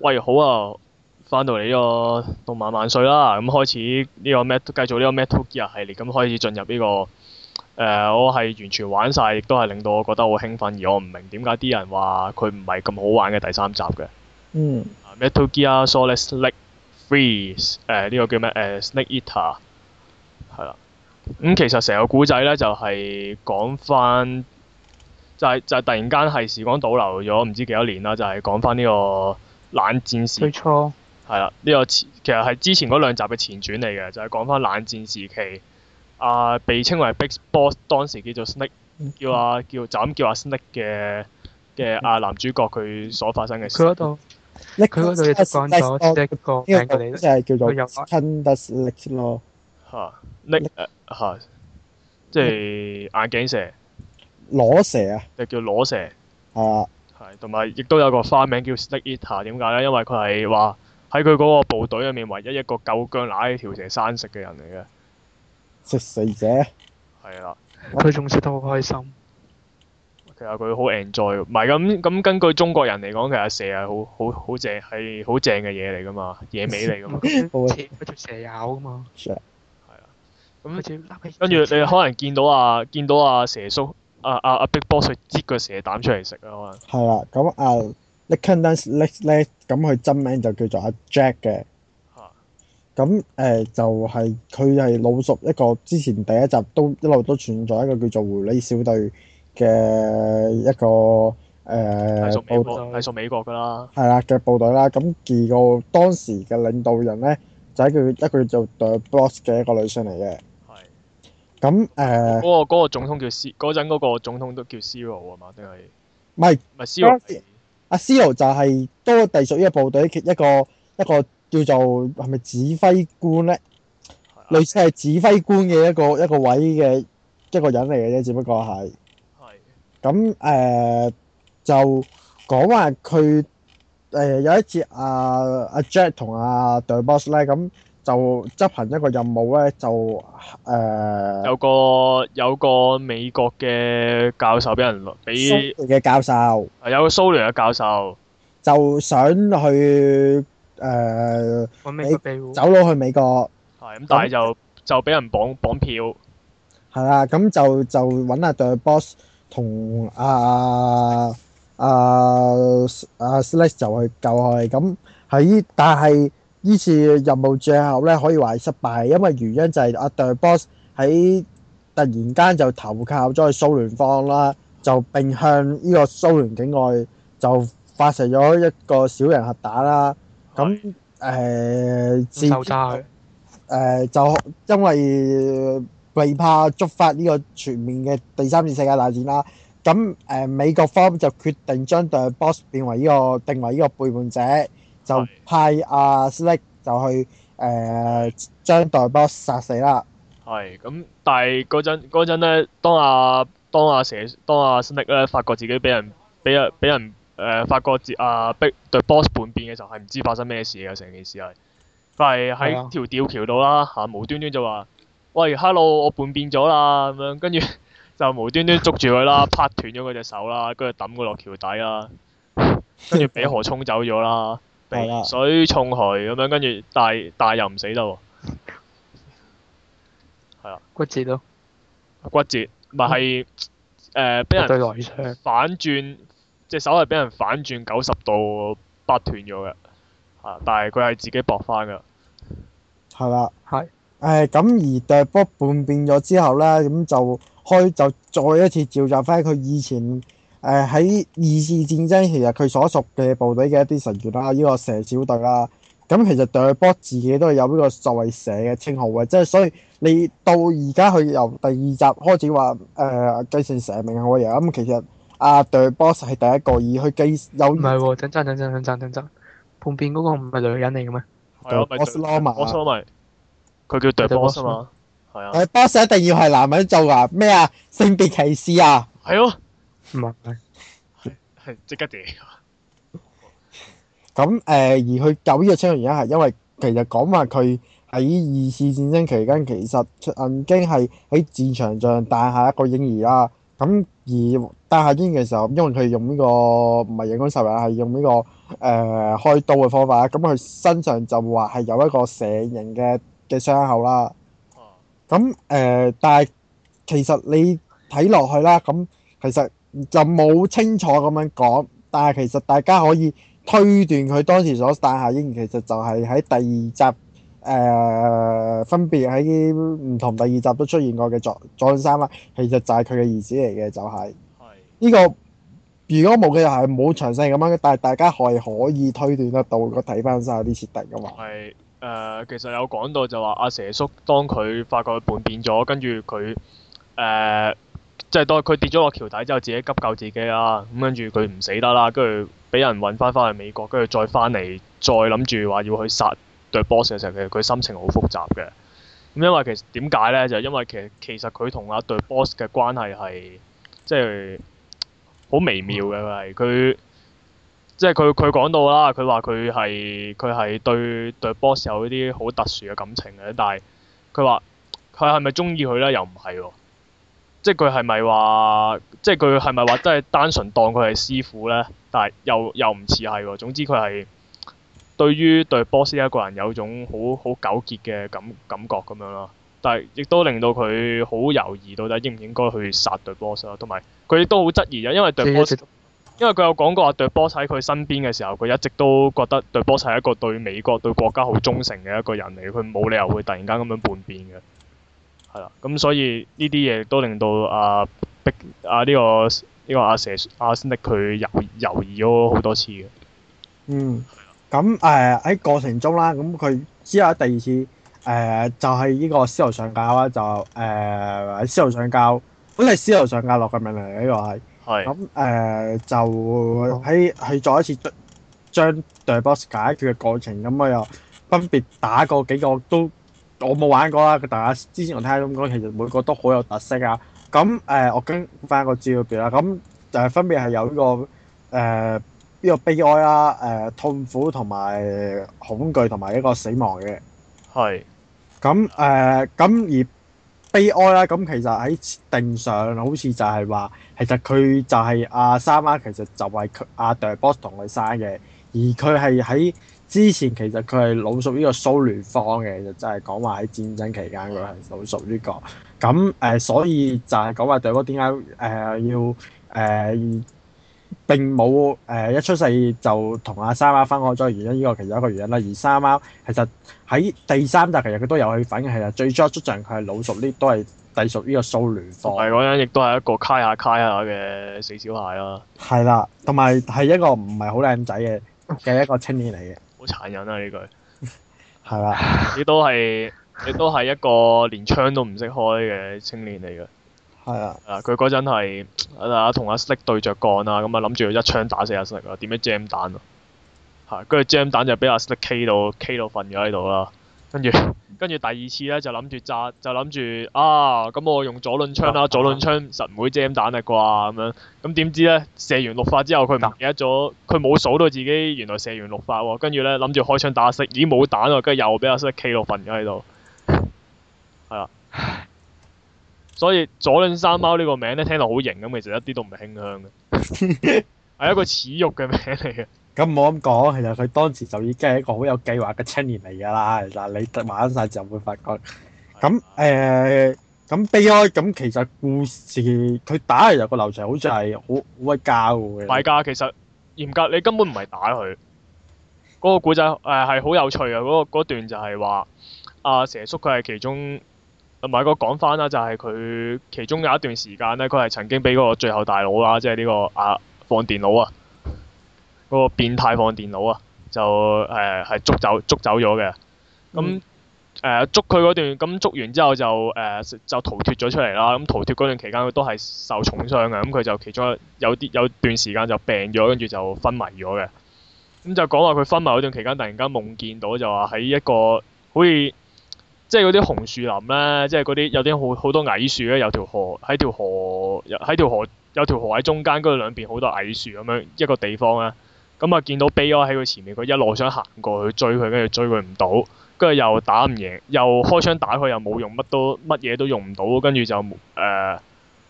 喂，好啊！翻到嚟、這、呢個《動漫萬歲》啦，咁開始呢、這個咩繼續呢個《Metal Gear》系列，咁開始進入呢、這個誒、呃，我係完全玩晒，亦都係令到我覺得好興奮，而我唔明點解啲人話佢唔係咁好玩嘅第三集嘅。嗯。Metal Gear Solid Snake Freeze，誒呢個叫咩？誒 Snake Eater。係啦。咁其實成個故仔咧，就係、是、講翻，就係、是、就係、是、突然間係時光倒流咗唔知幾多年啦，就係、是、講翻呢、這個。冷戰時，係啦，呢個其實係之前嗰兩集嘅前傳嚟嘅，就係講翻冷戰時期，啊錯、呃，被稱為 Big Boss，當時叫做 Snake，叫、啊、叫叫 Snick 叫啊叫就咁叫啊 Snick 嘅嘅啊男主角佢所發生嘅事。佢嗰度，咧佢嗰度又講咗 Snake 係叫做 Chen 即係眼鏡蛇。裸蛇啊！就叫裸蛇。啊。係，同埋亦都有個花名叫 Snake-eater，點解呢？因為佢係話喺佢嗰個部隊入面，唯一一個夠姜，拿條蛇生食嘅人嚟嘅。食蛇者。係啦了。佢仲食得好開心。其實佢好 enjoy，唔係咁咁。根據中國人嚟講，其實蛇係好好好正，係好正嘅嘢嚟噶嘛，野味嚟噶嘛。蛇咬噶嘛。係啊。咁跟住你可能見到啊，見到啊，蛇叔。啊啊啊！Big Boss 去擠個蛇膽出嚟食啊！嘛，係啦，咁啊，Lechondas Le，咁佢真名就叫做阿、啊、Jack 嘅。咁誒、啊呃、就係佢係老熟一個，之前第一集都一路都存在一個叫做狐狸小隊嘅一個誒。屬、呃、美國，屬隊美國噶啦。係啦，嘅部隊啦，咁而個當時嘅領導人咧，就係、是、叫一,一個叫做 The Boss 嘅一個女性嚟嘅。咁誒，嗰、uh, 那個嗰、那個總統叫 C，嗰陣嗰個總統都叫 C 羅是啊嘛，定係、就是？唔係唔係 C 羅，阿 C 羅就係都隸屬於一個部隊一個一個叫做係咪指揮官咧？啊、類似係指揮官嘅一個一個位嘅一個人嚟嘅啫，只不過係。係、啊。咁誒、uh, 就講話佢誒有一次阿、啊、阿、啊、Jack 同阿、啊、Debussy 咧咁。就執行一個任務咧，就誒有個有個美國嘅教授俾人俾蘇聯嘅教授，有個蘇聯嘅教授就想去誒走佬去美國，但係就就俾人綁綁票，係啦。咁就就搵阿 The Boss 同阿阿阿 Slash 就去救佢。咁喺但係。呢次任務最後咧可以話係失敗，因為原因就係阿 The Boss 喺突然間就投靠咗去蘇聯方啦，就並向呢個蘇聯境外就發射咗一個小型核彈啦。咁誒自誒就因為害怕觸發呢個全面嘅第三次世界大戰啦，咁誒美國方就決定將 The Boss 變為呢個定為呢個背叛者。就派阿、啊、Snake 就去誒將，呃、代 boss 殺死啦。係咁、嗯，但係嗰陣嗰陣咧，當阿、啊、當阿、啊、蛇當阿、啊、Snake 咧，發覺自己俾人俾人俾人誒發覺自阿、啊、逼代 boss 叛變嘅時候，係唔知發生咩事嘅成件事係，佢係喺條吊橋度啦吓，無端端就話喂，Hello，我叛變咗啦咁樣，跟住就無端端捉住佢啦，拍斷咗佢隻手啦，跟住抌佢落橋底啦，跟住俾河沖走咗啦。 水沖佢咁樣，跟住大大又唔死得喎，係啊 的，骨折咯，骨折咪係誒俾人對落去，反轉隻手係俾人反轉九十度，不斷咗嘅。啊！但係佢係自己搏翻㗎，係啦的，係誒咁而呮波叛變咗之後咧，咁就開就再一次召集翻佢以前。誒喺、呃、二次戰爭，其實佢所屬嘅部隊嘅一啲成員啦，呢個蛇小隊啦、啊，咁、嗯、其實 The Boss 自己都係有呢個作為蛇嘅稱號嘅，即係所以你到而家去由第二集開始話誒、呃、繼承蛇命後人，咁、嗯、其實阿 The Boss 係第一個而去繼有唔係喎？等陣等陣等陣等陣，旁邊嗰個唔係女人嚟嘅咩？係啊，咪錯咗嘛？佢叫 The Boss，啊係啊。The Boss 係咩？The Boss 一定要係男人做啊？咩啊？性別歧視啊？係咯、啊，唔係。即刻掉。咁誒，而佢搞呢個嘅原因係因為其實講話佢喺二次戰爭期間，其實曾經係喺戰場上誕下一個嬰兒啦。咁而誕下嬰兒嘅時候，因為佢用呢個唔係人工受孕，係用呢個誒開刀嘅方法。咁佢身上就話係有一個蛇形嘅嘅傷口啦。咁誒，但係其實你睇落去啦，咁其實。就冇清楚咁樣講，但係其實大家可以推斷佢當時所帶下應，其實就係喺第二集，誒、呃、分別喺唔同第二集都出現過嘅左左冷三啦，其實就係佢嘅兒子嚟嘅，就係、是這個。係。呢個如果冇嘅係冇詳細咁樣，但係大家係可以推斷得到，個睇翻晒啲設定噶嘛。係，誒、呃，其實有講到就話阿蛇叔當佢發覺叛變咗，跟住佢誒。呃即係當佢跌咗落橋底之後，自己急救自己啦，咁跟住佢唔死得啦，跟住俾人揾翻翻去美國，跟住再翻嚟，再諗住話要去殺對 boss 嘅時候，其實佢心情好複雜嘅。咁因為其實點解呢？就因為其實其實佢同阿對 boss 嘅關係係即係好微妙嘅，佢係佢即係佢佢講到啦，佢話佢係佢係對對 boss 有啲好特殊嘅感情嘅，但係佢話佢係咪中意佢呢？又唔係喎。即係佢係咪話，即係佢係咪話真係單純當佢係師傅呢？但係又又唔似係喎。總之佢係對於對波斯一個人有種好好糾結嘅感感覺咁樣咯。但係亦都令到佢好猶豫到底應唔應該去殺對波斯咯。同埋佢亦都好質疑啊，因為對波斯，因為佢有講過話對波斯喺佢身邊嘅時候，佢一直都覺得對波斯係一個對美國對國家好忠誠嘅一個人嚟，佢冇理由會突然間咁樣叛變嘅。係啦，咁所以呢啲嘢都令到阿碧阿呢個呢個阿蛇阿先迪佢猶猶豫咗好多次嘅。嗯。係啊。咁誒喺過程中啦，咁佢之後第二次誒、呃、就係、是、呢個思勞上教啦，就誒思斯思勞上教本嚟思勞上教落嘅命嚟呢個係。係是。咁誒、嗯呃、就喺喺再一次將 boss 解決嘅過程咁啊，又分別打過幾個都。我冇玩過啦，但係之前我聽咁講，其實每個都好有特色啊。咁誒、呃，我跟翻個資料表啦。咁誒分別係有呢、這個誒呢、呃這個悲哀啦、誒、呃、痛苦同埋恐懼同埋一個死亡嘅。係是。咁誒咁而悲哀啦，咁其實喺設定上好似就係話，其實佢就係阿三啦。其實就係 The Boss 同佢生嘅，而佢係喺。之前其實佢係老熟呢個蘇聯方嘅，就真、是、係講話喺戰爭期間佢係老熟呢、這個。咁誒、呃，所以就係講話對嗰點解誒要誒、呃、並冇誒、呃、一出世就同阿三馬分開咗原因，呢、這個其實一個原因啦。而三馬其實喺第三集其實佢都有去反映，係啦，最足足盡佢係老熟呢、這個，都係隸屬呢個蘇聯方。係嗰樣亦都係一個卡亞卡亞嘅死小孩咯。係啦，同埋係一個唔係好靚仔嘅嘅一個青年嚟嘅。 好殘忍啊！呢句係啊，你 都係你都係一個連槍都唔識開嘅青年嚟嘅，係 啊！佢嗰陣係同阿、啊、Slick 對著幹啦，咁啊諗住一槍打死阿 Slick 啊，點知 jam 彈啊，跟住 jam 彈就俾阿 Slick K 到 K 到瞓咗喺度啦，跟住。跟住第二次呢，就諗住炸，就諗住啊咁我用左輪槍啦、啊，左輪槍實唔會 jam 彈嘅啩，咁樣。咁點知呢？射完六發之後佢唔記得咗，佢冇數到自己原來射完六發喎。跟住呢，諗住開槍打死，咦，冇彈啦。跟住又俾阿叔一 K 六瞓咗喺度，係啦。所以左輪三貓呢個名呢，聽落好型咁，其實一啲都唔係輕香嘅，係 一個恥辱嘅名嚟嘅。咁冇咁講，其實佢當時就已經係一個好有計劃嘅青年嚟㗎啦。嗱，你晚晒就會發覺。咁誒的，咁悲哀，咁、欸、其實故事佢打入個流程好，好似係好好鬼教嘅。唔係其實嚴格你根本唔係打佢。嗰、那個古仔誒係好有趣嘅，嗰、那個、段就係話阿蛇叔佢係其中同埋個講翻啦，就係、是、佢其中有一段時間咧，佢係曾經俾嗰個最後大佬啦，即係呢、這個阿、啊、放電腦啊。嗰個變態放電腦啊，就誒係、呃、捉走捉走咗嘅，咁、嗯、誒、嗯嗯、捉佢嗰段，咁捉完之後就誒、呃、就逃脫咗出嚟啦。咁、嗯、逃脫嗰段期間，佢都係受重傷嘅。咁、嗯、佢就其中有啲有，有段時間就病咗，跟住就昏迷咗嘅。咁、嗯、就講話佢昏迷嗰段期間，突然間夢見到就話喺一個好似即係嗰啲紅樹林咧，即係嗰啲有啲好好多矮樹咧，有條河喺條河喺條河有條河喺中間，跟住兩邊好多矮樹咁樣一個地方啊。咁啊！見到悲哀喺佢前面，佢一路想行過去追佢，跟住追佢唔到，跟住又打唔贏，又開槍打佢又冇用，乜都乜嘢都用唔到，跟住就誒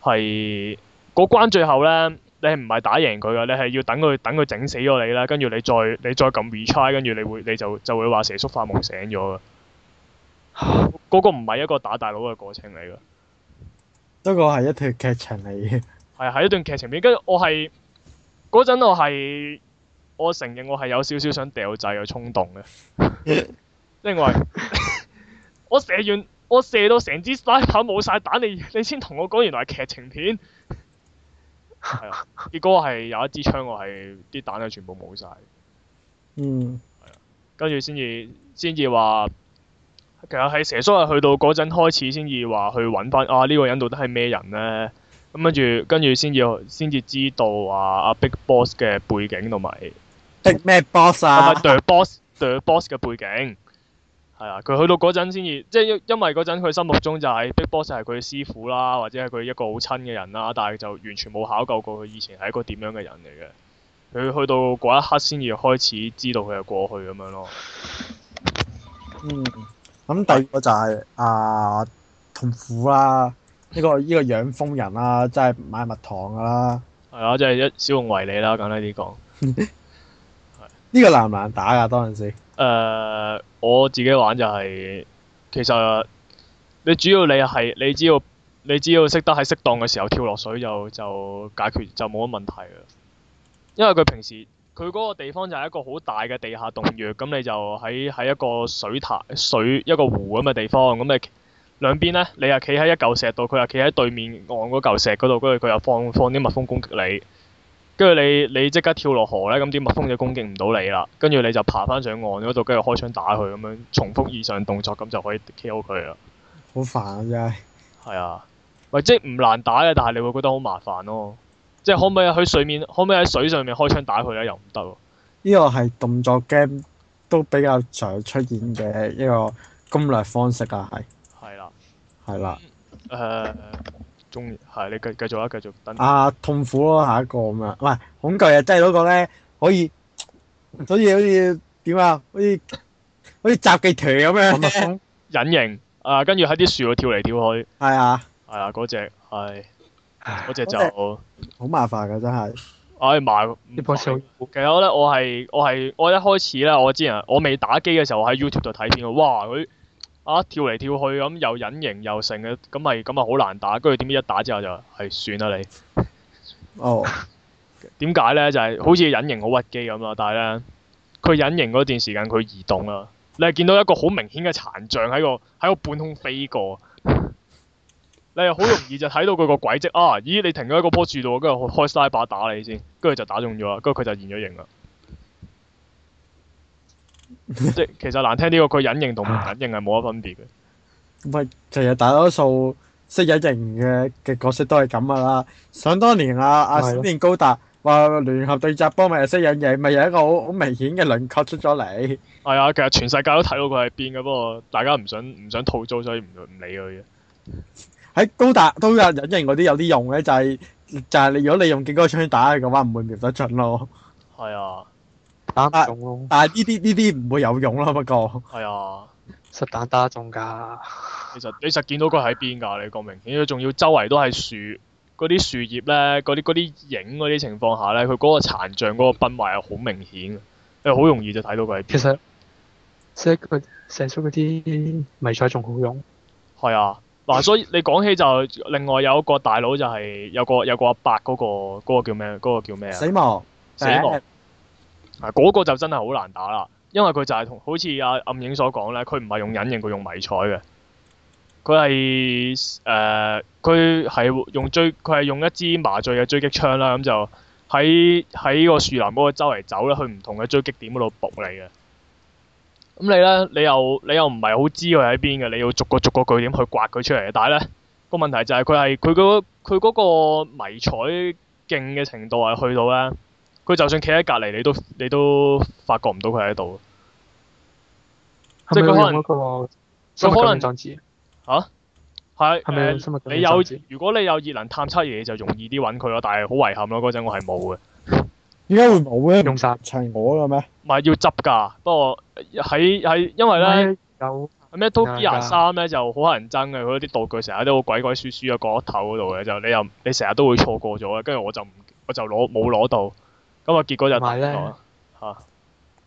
係嗰關最後咧，你係唔係打贏佢噶？你係要等佢等佢整死咗你啦，跟住你再你再撳 retry，跟住你會你就就會話蛇叔發夢醒咗啊！嗰個唔係一個打大佬嘅過程嚟嘅，不過係一段劇情嚟嘅。係啊，係一段劇情片。跟住我係嗰陣我係。我承認我係有少少想掉仔嘅衝動嘅， 因為 我射完我射到成支手冇晒彈，你你先同我講原來係劇情片，係 啊，結果係有一支槍，我係啲彈都係全部冇晒。嗯。係啊，跟住先至先至話，其實係蛇叔係去到嗰陣開始先至話去揾翻啊呢、呢個人到底係咩人呢？咁跟住跟住先至，先至知道啊。阿 Big Boss 嘅背景同埋。咩 boss 啊？係 boss 嘅背景？係啊，佢去到嗰陣先，至，即係因因為嗰陣佢心目中就係、是、Big Boss 係佢師傅啦，或者係佢一個好親嘅人啦，但係就完全冇考究過佢以前係一個點樣嘅人嚟嘅。佢去到嗰一刻先至開始知道佢嘅過去咁樣咯。嗯，咁第二個就係、是、啊，痛苦啦，呢、這個呢、這個養蜂人啦，即係買蜜糖噶啦。係啊，即、就、係、是、一小熊維尼啦，簡單啲講。 呢個難唔難打㗎？當陣時，誒，uh, 我自己玩就係、是，其實你主要你係、就是、你只要你只要識得喺適當嘅時候跳落水就就解決就冇乜問題啦。因為佢平時佢嗰個地方就係一個好大嘅地下洞穴，咁你就喺喺一個水潭、水一個湖咁嘅地方，咁你兩邊呢，你又企喺一嚿石度，佢又企喺對面岸嗰嚿石嗰度，跟住佢又放放啲蜜蜂攻擊你。跟住你，你即刻跳落河咧，咁啲蜜蜂就攻擊唔到你啦。跟住你就爬翻上岸嗰度，跟住開槍打佢咁樣，重複以上動作咁就可以 K.O. 佢啦。好煩啊！真係。係啊，唔，即係唔難打嘅，但係你會覺得好麻煩咯、啊。即係可唔可以喺水面，可唔可以喺水上面開槍打佢咧？又唔得喎。呢個係動作 game 都比較常出現嘅一個攻略方式啊，係。係啦。係啦。誒。中意係你繼繼續啊，繼續等，等。啊，痛苦咯，下一個咁啦，唔係恐懼啊，真係嗰個咧可以，所以好似點啊，好似好似雜技團咁樣。蜜 隱形啊，跟住喺啲樹度跳嚟跳去。係啊。係啊，嗰隻係，嗰隻 就是、好吃我麻煩噶，真係。唉、哎，麻。啲波超。其實咧是以，我係我係我，我，我，我，我，我一開始咧，我之前我未打機嘅時候我，我喺 YouTube 度睇片哇，佢。啊！跳嚟跳去咁，又隱形又成嘅，咁咪咁咪好難打。跟住點知一打之後就係、哎、算啦你。哦。點解呢？就係、是、好似隱形好屈機咁咯，但係呢，佢隱形嗰段時間佢移動啊。你係見到一個好明顯嘅殘像喺個喺個半空飛過。 你又好容易就睇到佢個軌跡啊！咦，你停咗喺嗰棵樹度，跟住開 sniper 打你先，跟住就打中咗，跟住佢就現咗形啦。即 其實難聽呢個佢隱形同唔隱形係冇乜分別嘅，唔係，其實大多數識隱形嘅嘅角色都係咁噶啦。想當年啊，阿閃電高達話聯合對扎波咪識隱形，咪有一個好好明顯嘅輪廓出咗嚟。係啊、哎，其實全世界都睇到佢喺邊嘅，不過大家唔想唔想套租，所以唔唔理佢。喺高達都有隱形嗰啲有啲用嘅，就係、是、就係、是、你如果你用激光槍打佢嘅話，唔會瞄得準咯。係啊、哎。啊、但係呢啲呢啲唔會有用啦。不過係啊，哎、呀實彈打中噶。其實其實見到佢喺邊噶，你講明顯，仲要周圍都係樹，嗰啲樹葉咧，嗰啲啲影嗰啲情況下咧，佢嗰個殘像嗰個崩壞係好明顯，你好容易就睇到佢。其實射佢射出嗰啲迷彩仲好用。係啊，嗱，所以你講起就另外有一個大佬就係、係、有個有個阿伯嗰、嗰個、嗰個叫咩嗰、嗰個叫咩啊？死亡，死亡。呃啊！嗰個就真係好難打啦，因為佢就係同好似阿、啊、暗影所講呢，佢唔係用隱形，佢用迷彩嘅。佢係誒，佢、呃、係用狙，佢係用一支麻醉嘅狙擊槍啦。咁就喺喺個樹林嗰個周圍走咧，去唔同嘅狙擊點嗰度伏你嘅。咁你呢？你又你又唔係好知佢喺邊嘅，你要逐個逐個據點去刮佢出嚟。但係呢個問題就係佢係佢嗰個迷彩勁嘅程度係去到呢。佢就算企喺隔離，你都你都發覺唔到佢喺度，即係佢可能佢可能啊，係係咪你有如果你有熱能探測嘢就容易啲揾佢咯，但係好遺憾咯。嗰陣我係冇嘅。點解會冇咧？用曬齊我啦咩？唔係要執㗎，不過喺喺因為呢，為有咩 Top Gear 三呢，的就好乞人憎嘅。佢嗰啲道具成日都鬼鬼祟祟啊，過一頭度嘅就你又你成日都會錯過咗嘅。跟住我就我就攞冇攞到。咁啊，結果就同埋咧吓，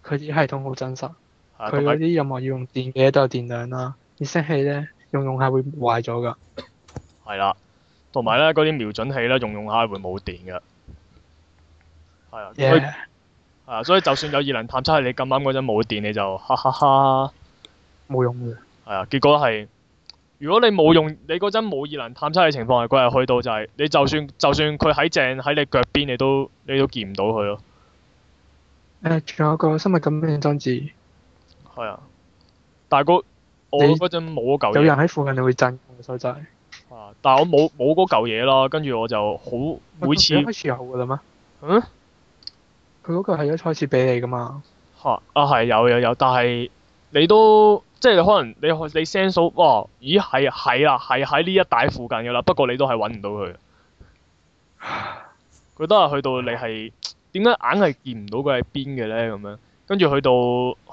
佢啲、啊、系統好真實。佢嗰啲任何要用電嘅都有電量啦，啊，熱色器咧用用下會壞咗㗎。係啦，同埋咧嗰啲瞄準器咧用用下會冇電㗎。係啊，佢 Yeah. 啊，所以就算有二能探測器，你咁啱嗰陣冇電，你就哈哈哈冇用嘅。係啊，結果係。如果你冇用，你嗰陣冇熱能探測嘅情況係，嗰日去到就係你就算就算佢喺正喺你腳邊，你都你都見唔到佢咯。誒，仲有個生物感應裝置。係啊，但係、嗰個、我嗰陣冇嗰嚿嘢。有人喺附近，你會震，所以、啊、但係我冇冇嗰嚿嘢啦，跟住我就好每次。開啊、一開始有㗎啦咩？嗯？佢嗰個係一開始俾你㗎嘛？嚇、啊！啊係有有有，但係你都。即係你可能你你 sense 到哇，咦係啊係啊係喺呢一帶附近嘅啦，不過你都係揾唔到佢。佢唉都係去到你係點解硬係見唔到佢喺邊嘅呢？咁樣跟住去到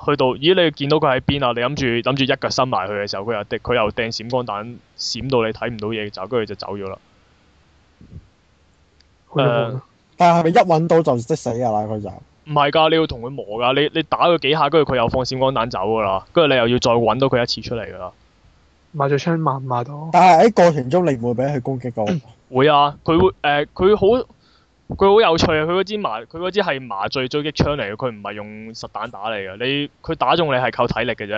去到，咦你見到佢喺邊啊？你諗住諗住一腳伸埋去嘅時候，佢又啲佢又掟閃光彈閃到你睇唔到嘢就，跟住就走咗啦。誒、嗯，但係係咪一揾到就即死啊？啦、那個，佢就。唔係㗎，你要同佢磨㗎。你你打佢幾下，跟住佢又放閃光彈走㗎啦。跟住你又要再揾到佢一次出嚟㗎啦。麻醉槍麻唔麻到？但係喺過程中你唔會俾佢攻擊到、嗯？會啊，佢會誒，佢、呃、好佢好有趣啊！佢嗰支麻，佢支係麻醉追擊槍嚟嘅，佢唔係用實彈打嚟嘅。你佢打中你係靠體力嘅啫。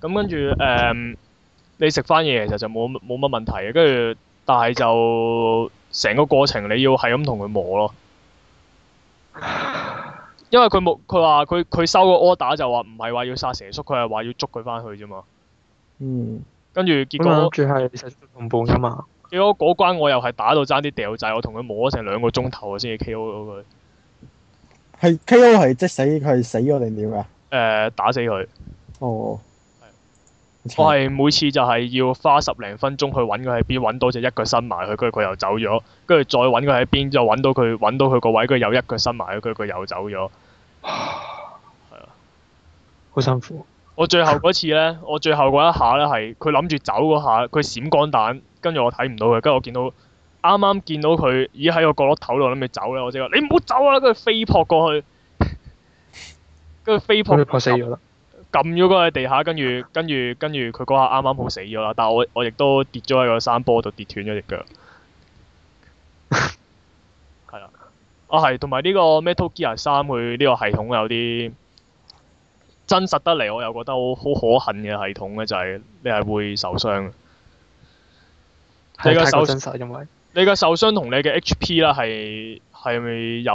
咁跟住誒、呃，你食翻嘢其實就冇冇乜問題嘅。跟住，但係就成個過程你要係咁同佢磨咯。因為佢冇，佢話佢佢收個 order 就話唔係話要殺蛇叔，佢係話要捉佢翻去啫嘛。嗯。跟住結果。保住係十分半嘛。結果嗰關我又係打到爭啲掉滯，我同佢磨咗成兩個鐘頭我先至 K.O. 咗佢。係 K.O. 係即死，佢係死咗定點噶？誒、呃，打死佢。哦。Oh. 我係每次就係要花十零分鐘去揾佢喺邊，揾到就一腳伸埋佢，跟住佢又走咗。跟住再揾佢喺邊，之後揾到佢揾到佢個位，跟住又一腳伸埋佢，跟住佢又走咗。係啊，好辛苦。我最後嗰次呢，我最後嗰一下呢，係佢諗住走嗰下，佢閃光彈，跟住我睇唔到佢，跟住我見到啱啱見到佢，已經喺個角落頭度諗住走呢，我即係話你唔好走啊！跟住飛撲過去，跟住飛撲。佢 撲死咗啦～撳咗嗰個地下，跟住跟住跟住佢嗰下啱啱好死咗啦。但係我我亦都跌咗喺個山坡度，跌斷咗隻腳。係 啊，啊係，同埋呢個 Metal Gear 三佢呢個系統有啲真實得嚟，我又覺得好好可恨嘅系統呢就係、是、你係會受傷。你嘅受傷同你嘅 H P 啦，係係咪有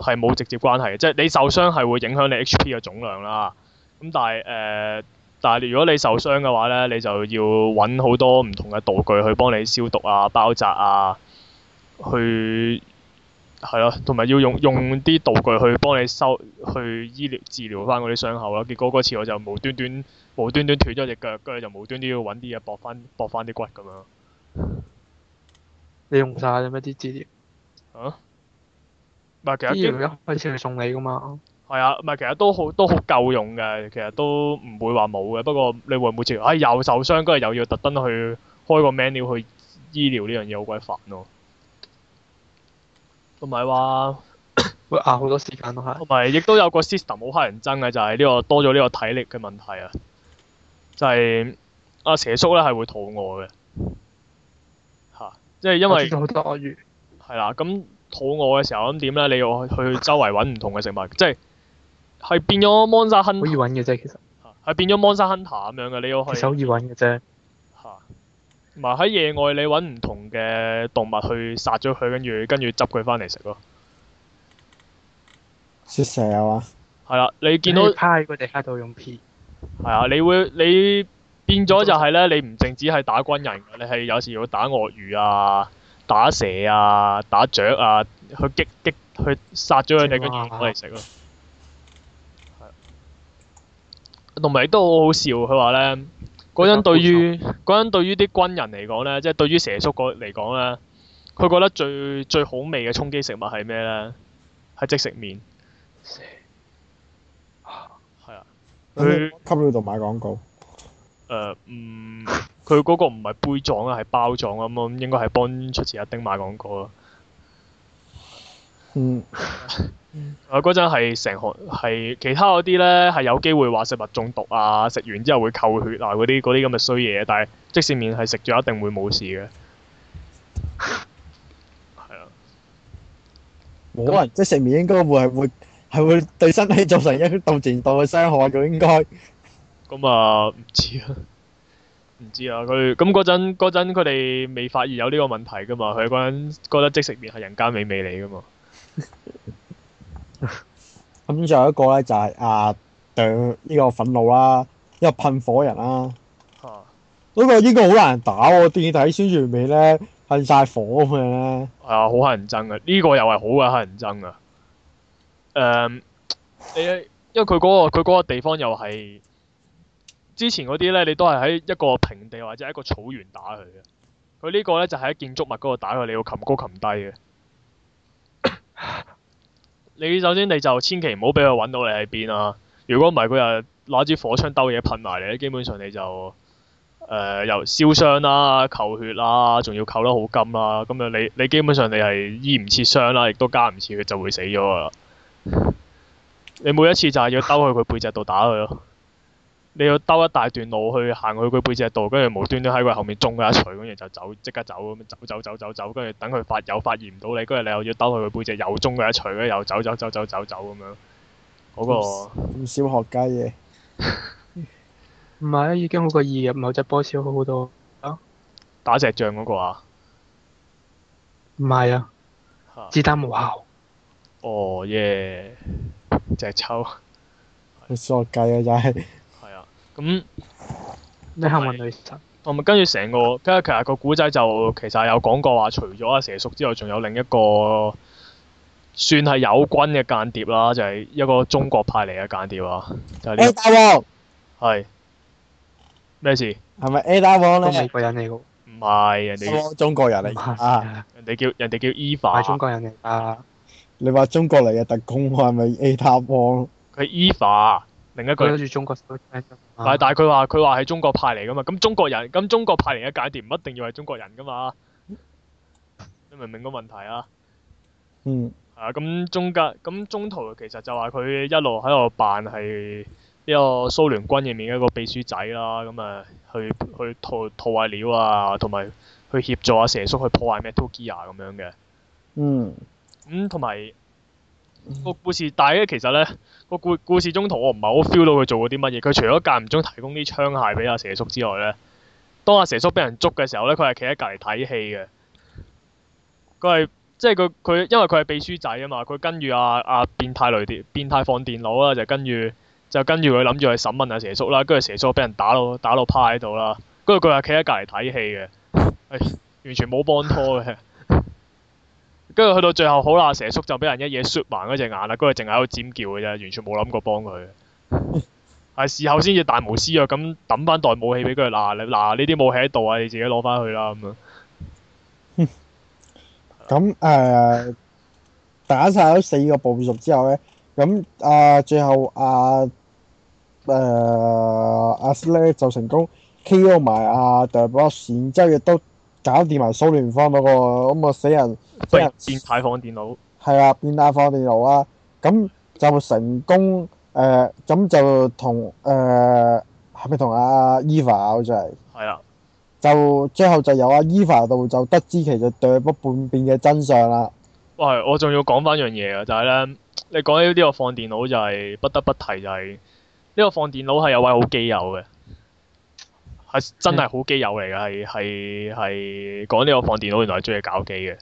係冇直接關係？即、就、係、是、你受傷係會影響你 H P 嘅總量啦。咁但係誒，但係如果你受傷嘅話咧，你就要揾好多唔同嘅道具去幫你消毒啊、包紮啊、去係咯，同埋要用用啲道具去幫你收去醫療治療翻嗰啲傷口啦。結果嗰次我就無端端無端端斷咗隻腳，跟住就無端端要揾啲嘢駁翻駁翻啲骨咁樣。你用曬咩啲治療？啊？治療一開始係送你㗎嘛？係啊，唔係其實都好都好夠用嘅，其實都唔會話冇嘅。不過你會唔會接？唉、哎，又受傷，跟住又要特登去開個 menu 去醫療呢樣嘢，好鬼煩咯。同埋話會捱好多時間咯，係。同埋亦都有個 system 好乞人憎嘅，就係、是、呢、這個多咗呢個體力嘅問題啊。就係、是、阿蛇叔呢係會餓、啊、肚餓嘅嚇，即係因為係啦。咁肚餓嘅時候咁點呢？你要去，去，去周圍揾唔同嘅食物，即係。係變咗芒沙亨，可以搵嘅啫，其實係變咗芒沙亨，hunter 咁樣嘅，你要去手易搵嘅啫。吓，同埋喺野外你搵唔同嘅動物去殺咗佢，跟住跟住執佢翻嚟食咯。捉蛇啊嘛，係啦，你見到趴喺個地下度用 P。係啊，你會你變咗就係咧，你唔淨止係打軍人，你係有時要打鱷魚啊，打蛇啊，打雀啊,啊，去擊擊去殺咗佢哋，跟住攞嚟食咯。同埋都好好笑，佢話呢嗰陣對於嗰陣對於啲軍人嚟講呢，即係對於蛇叔嚟講呢，佢覺得最最好味嘅充飢食物係咩呢？係即食麵。係啊。佢喺度買廣告。誒嗯，佢嗰個唔係杯狀啦，係包狀啦，咁應該係幫出前一丁買廣告咯。嗯。 啊！嗰陣係成行係其他嗰啲呢，係有機會話食物中毒啊，食完之後會扣血啊，嗰啲啲咁嘅衰嘢。但係即食麵係食咗一定會冇事嘅，係 啊！冇可能、嗯。嗯、即食麵應該會係會係會對身體造成一定程度嘅傷害嘅，應該咁、嗯、啊？唔知啊，唔知啊！佢咁嗰陣佢哋未發現有呢個問題噶嘛？佢嗰陣覺得即食麵係人間美味嚟噶嘛？ 咁仲有一個咧，就係啊，呢個憤怒啦，因為噴火人啦、啊。哦、啊，呢個應該好難打喎、啊。電視宣傳未咧，噴晒火咁樣咧。係啊，好乞人憎啊。呢、這個又係好嘅乞人憎啊。誒、嗯，你因為佢嗰、那個佢個地方又係之前嗰啲咧，你都係喺一個平地或者一個草原打佢嘅。佢呢個咧就喺、是、建築物嗰度打佢，你要擒高擒低嘅。 你首先你就千祈唔好俾佢揾到你喺邊啊！如果唔係，佢又攞支火槍兜嘢噴埋你，基本上你就誒又、呃、燒傷啦、啊、扣血啦、啊，仲要扣得好金啦、啊。咁樣你你基本上你係醫唔切傷啦、啊，亦都加唔切血就會死咗啊！你每一次就係要兜去佢背脊度打佢咯。你要兜一大段路去行去佢背脊度，跟住無端端喺佢後面中佢一錘，跟住就走，即刻走，咁樣走走走走走，跟住等佢發友發現唔到你，跟住你又要兜去佢背脊又中佢一錘，跟住又走走走走走走咁樣。嗰個唔少學雞嘢，唔係啊，已經好過二入某隻波少好多啊！打石像嗰個啊？唔係啊，子彈無效。哦耶！隻抽，佢傻雞啊，又係～咁，你、嗯、行咪女仔，同埋、嗯嗯、跟住成個，跟住其實個古仔就其實有講過話，除咗阿蛇叔之外，仲有另一個，算係友軍嘅間諜啦，就係、是、一個中國派嚟嘅間諜啊。就 Ada Wong，係咩事？係咪 Ada Wong 咧？美國人嚟嘅，唔係人哋，中國人嚟、啊、人哋叫人哋叫 Eva，係中國人嚟啊！你話中國嚟嘅特工係咪 Ada Wong？佢 Eva。另一個，中國對但係佢話佢話係中國派嚟㗎嘛？咁中國人，咁中國派嚟嘅間諜唔一定要係中國人㗎嘛？你明唔明個問題啊？嗯。啊，咁中間咁中途其實就話佢一路喺度扮係呢個蘇聯軍入面嘅一個秘書仔啦，咁啊去去套套下料啊，同埋去協助阿蛇叔去破壞 Metal Gear 咁樣嘅。嗯嗯。嗯。咁同埋。個故事，但係其實呢，個故故事中途我唔係好 feel 到佢做過啲乜嘢。佢除咗間唔中提供啲槍械俾阿蛇叔之外呢，當阿蛇叔俾人捉嘅時候呢，佢係企喺隔離睇戲嘅。佢係即係佢佢，因為佢係秘書仔啊嘛，佢跟住阿阿變態雷啲變態放電腦啦，就跟住就跟住佢諗住去審問阿蛇叔啦。跟住蛇叔俾人打到打到趴喺度啦。跟住佢係企喺隔離睇戲嘅，係完全冇幫拖嘅。跟住去到最後，好啦，蛇叔就俾人一嘢削埋嗰隻眼啦。跟住淨係喺度尖叫嘅啫，完全冇諗過幫佢。係 事後先至大無私啊！咁抌翻袋武器俾佢嗱，嗱呢啲武器喺度啊，你自己攞翻去啦咁啊。咁誒、 呃、打晒咗四個部族之後呢，咁啊、呃、最後阿誒阿斯咧就成功 KO 埋阿 The Boss 然之後亦都。搞掂埋蘇聯方嗰、那個咁、那個死人，即變態放電腦。係啊，變態放電腦啊！咁就成功誒，咁、呃、就同誒係咪同阿 Eva 啊？好似係。係啊，就最後就有阿、啊、Eva 度就得知其實對不半變嘅真相啦。喂，我仲要講翻樣嘢啊，就係、是、咧，你講起呢個放電腦就係、是、不得不提、就是，就係呢個放電腦係有位好基友嘅。真係好基友嚟嘅，係係係講呢個放電腦，原來係中意搞基嘅。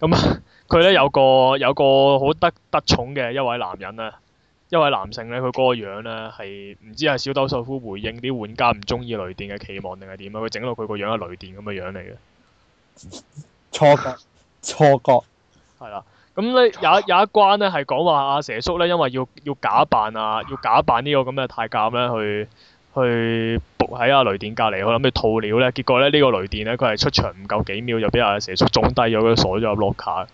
咁、嗯、啊，佢咧有個有個好得得寵嘅一位男人啊，一位男性咧，佢個樣咧係唔知係小島秀夫回應啲玩家唔中意雷電嘅期望，定係點啊？佢整到佢個樣係雷電咁嘅樣嚟嘅。錯覺，錯覺，係啦。咁、嗯、咧有一有一關咧係講話阿蛇叔咧，因為要要假扮啊，要假扮，要假扮個呢個咁嘅太監咧去去。去喺阿雷電隔籬，我諗住套料呢。結果咧呢、這個雷電呢，佢係出場唔夠幾秒就俾阿蛇叔撞低咗，佢鎖咗入 locker,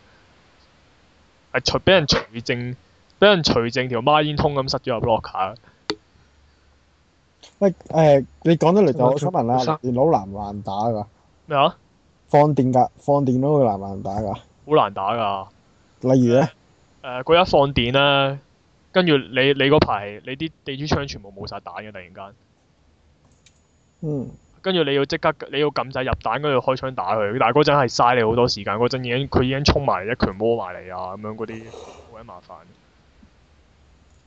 除俾人除正，俾人除正條孖煙通咁塞咗入 locker、喂、欸呃，你講得嚟就我想問啦，連老難唔難打噶咩啊？放電噶，放電都難唔難打噶。好難打噶。例如呢，誒、呃、一放電啦，跟住你你嗰排你啲地主槍全部冇晒彈嘅，突然間。嗯，跟住你要即刻，你要撳掣入彈嗰度開槍打佢，但係嗰陣係嘥你好多時間，嗰陣已經佢已經衝埋嚟一拳摸埋嚟啊咁樣嗰啲，好鬼麻煩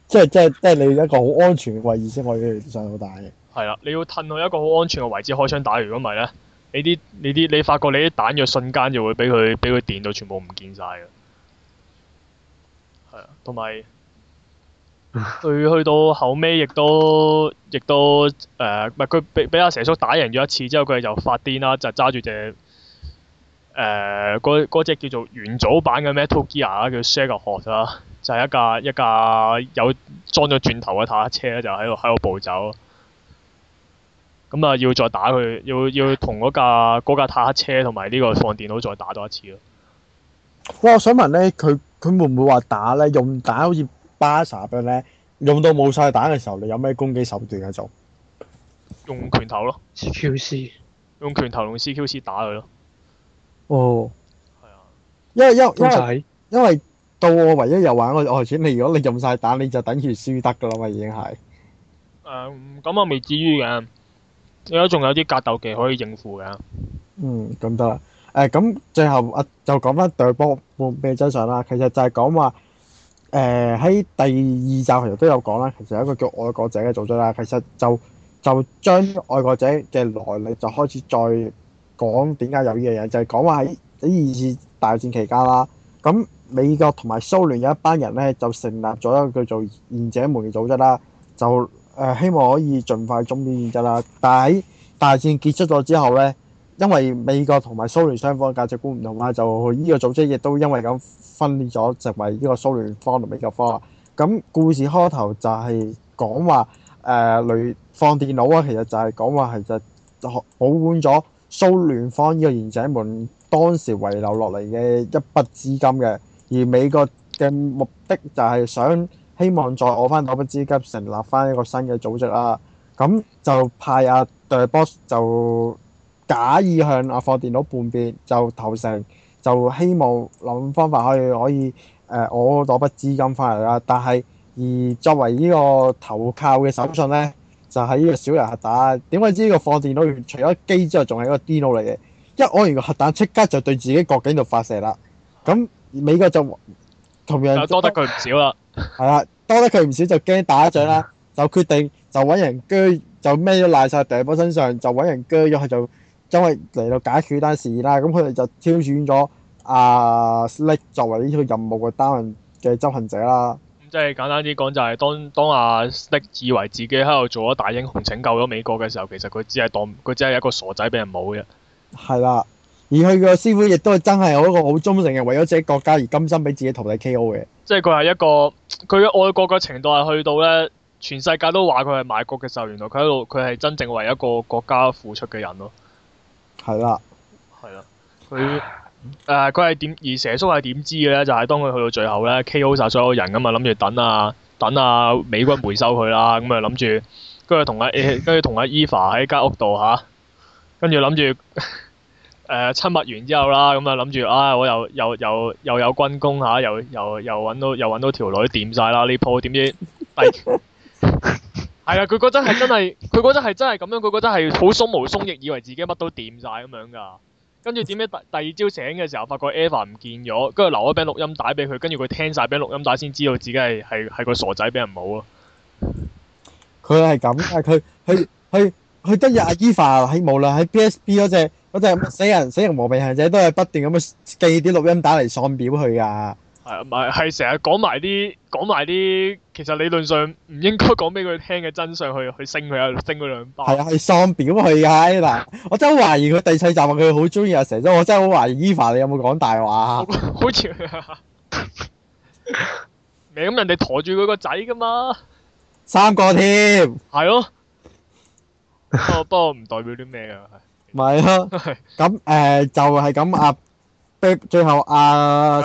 即。即係即係即係你一個好安全嘅位置先可以上到打。係啦，你要褪到一個好安全嘅位置開槍打，如果唔係呢，你啲你啲你，你發覺你啲彈藥瞬間就會俾佢俾佢電到全部唔見晒嘅。係啊，同埋。佢去到後尾，亦都亦都誒，唔係佢俾俾阿蛇叔打贏咗一次之後，佢就發癲啦，就揸住隻誒嗰嗰隻叫做元祖版嘅 Metal Gear 啦，叫 Shag Hot a 啦，就係一架一架有裝咗轉頭嘅坦克車，就喺度喺度暴走。咁啊，要再打佢，要要同嗰架嗰架坦克車同埋呢個放電腦再打多一次咯。哇！我想問咧，佢佢會唔會話打咧？用打好似～巴薩兵咧用到冇晒彈嘅時候，你有咩攻擊手段嘅做？用拳頭咯，CQC 用拳頭同 CQC 打佢咯。哦，係啊，因為因為因為到我唯一有玩我外傳，你如果你用晒彈，你就等於輸得噶啦嘛，已經係。誒，咁啊未至於嘅，有仲有啲格鬥技可以應付嘅。嗯，咁得啦。誒，咁最後啊，就講翻隊波半咩真相啦。其實就係講話。誒喺、呃、第二集其實都有講啦，其實有一個叫愛國者嘅組織啦，其實就就將愛國者嘅來歷就開始再講點解有呢樣嘢，就係講話喺二次大戰期間啦，咁美國同埋蘇聯有一班人呢，就成立咗一個叫做賢者們嘅組織啦，就誒、呃、希望可以盡快終結戰爭啦，但係喺大戰結束咗之後呢，因為美國同埋蘇聯雙方價值觀唔同啦，就呢個組織亦都因為咁，分裂咗成為呢個蘇聯方同美國方啦。咁故事開頭就係講話誒，雷、呃、放電腦啊，其實就係講話係就是保管咗蘇聯方呢個賢者們當時遺留落嚟嘅一筆資金嘅。而美國嘅目的就係想希望再攞翻嗰筆資金，成立翻一個新嘅組織啦、啊。咁就派阿、啊、Boss，就假意向阿、啊、放電腦叛變，就投誠。就希望諗方法可以可以誒、呃，我攞筆資金翻嚟啦。但係而作為呢個投靠嘅手信咧，就係、是、呢個小人核彈。點解知呢個放電腦除咗機之外，仲係一個電腦嚟嘅？一按完個核彈，即刻就對自己國境度發射啦。咁美國就同樣多得佢唔少啦。係啦，多得佢唔少就驚打一仗啦，就決定就揾人鋸，就孭曬晒特朗普身上，就揾人鋸咗佢就。因為嚟到解決單事啦，咁佢哋就挑選咗阿 Slick 作為呢個任務嘅擔任嘅執行者啦。咁即係簡單啲講，就是，就係當當阿、啊、Slick 以為自己喺度做咗大英雄，拯救咗美國嘅時候，其實佢只係當佢只係一個傻仔俾人冇嘅。係啦，而佢個師傅亦都係真係有一個好忠誠嘅，為咗自己國家而甘心俾自己徒弟 K.O. 嘅。即係佢係一個佢嘅愛國嘅程度係去到咧，全世界都話佢係賣國嘅時候，原來佢喺度佢係真正為一個國家付出嘅人咯。係啦，係啦，佢誒佢係點而蛇叔係點知嘅咧？就係、是、當佢去到最後咧，K.O. 晒所有人咁嘛，諗住等啊等啊美軍回收佢啦，咁、欸 e、啊諗住，跟住同阿跟住同阿伊芙喺間屋度吓，跟住諗住誒親密完之後啦，咁啊諗住啊我又又又又，又有軍功吓、啊，又又又搵到又搵到條女掂晒啦，呢鋪點知？ 係啊，佢覺得係真係，佢覺得係真係咁樣，佢覺得係好鬆毛鬆翼以為自己乜都掂晒咁樣噶。跟住點解第第二朝醒嘅時候，發覺 Eva 唔見咗，跟住留咗柄錄音帶俾佢，跟住佢聽晒柄錄音帶先知道自己係係係個傻仔俾人冇咯。佢係咁，係佢佢佢佢跟住阿 Eva 喺無論喺 BSB 嗰隻嗰隻死人死人亡命行者都係不斷咁啊記啲錄音帶嚟喪表佢噶。係咪係成日講埋啲講埋啲？其實理論上唔應該講俾佢聽嘅真相，去去升佢啊，升佢兩巴係啊係三表係啊，嗱，我真係懷疑佢第四集話佢好中意阿成咗，我真係好懷疑伊凡，你有冇講大話啊？好似啊，咩咁人哋馱住佢個仔噶嘛，三個添係咯，不過唔代表啲咩噶係咪啊？咁誒就係咁啊，最後啊。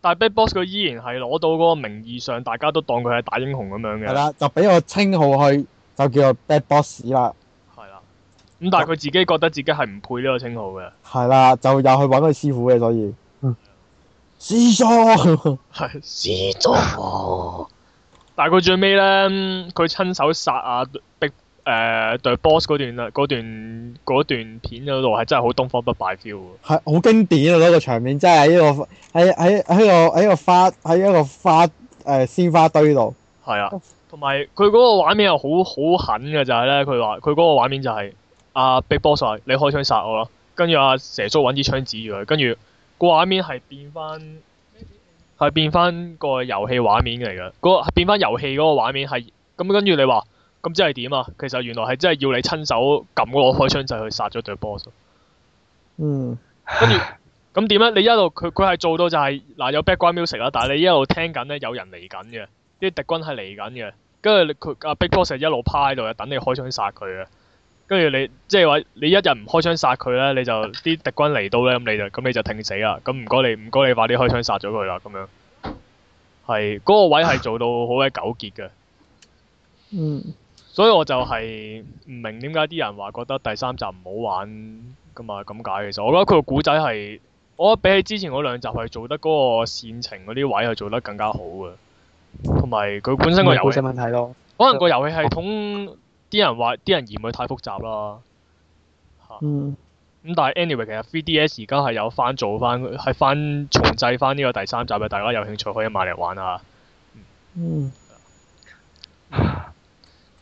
但係 Big Boss 佢依然係攞到嗰個名義上，大家都當佢係大英雄咁樣嘅。係啦，就俾個稱號去，就叫做 Big Boss 啦。係啦，咁但係佢自己覺得自己係唔配呢個稱號嘅。係啦，就又去揾佢師傅嘅，所以師兄係師兄。嗯、但係佢最尾呢，佢親手殺啊！逼誒對，呃、boss 嗰段啦，段段片嗰度係真係好東方不敗 feel 喎，係好經典啊！嗰，那個場面真係喺呢喺喺個喺個花喺一個花誒鮮花、呃、花堆度，係啊，同埋佢嗰個畫面又好好狠嘅就係、是、咧，佢話佢嗰個畫面就係、是、阿、啊、Big Boss 你開槍殺我咯，跟住阿蛇叔揾支槍指住佢，跟住個畫面係變翻係變翻個遊戲畫面嚟㗎，嗰變翻遊戲嗰個畫面係咁跟住你話。咁即係點啊？其實原來係真係要你親手撳嗰開槍掣去殺咗對 boss、嗯。嗯。跟住，咁點呢？你一路佢佢係做到就係嗱有 background music 啦，music, 但係你一路聽緊呢，有人嚟緊嘅，啲敵軍係嚟緊嘅，跟住佢阿 big boss 一路趴喺度等你開槍殺佢嘅。跟住你即係話你一日唔開槍殺佢呢，你就啲敵軍嚟到呢，咁你就咁你就停死啦。咁唔該你唔該你快啲開槍殺咗佢啦，咁樣。係嗰個位係做到好鬼糾結嘅。嗯。所以我就係唔明點解啲人話覺得第三集唔好玩噶嘛？咁解其實我覺得佢個故仔係，我覺得比起之前嗰兩集係做得嗰個煽情嗰啲位係做得更加好嘅，同埋佢本身個遊戲性問題囉，可能個遊戲系統，啲人話啲人嫌佢太複雜啦。嗯。咁但係 anyway，其實 3DS 而家係有翻做翻，係翻重製翻呢個第三集嘅，大家有興趣可以買嚟玩下。嗯。嗯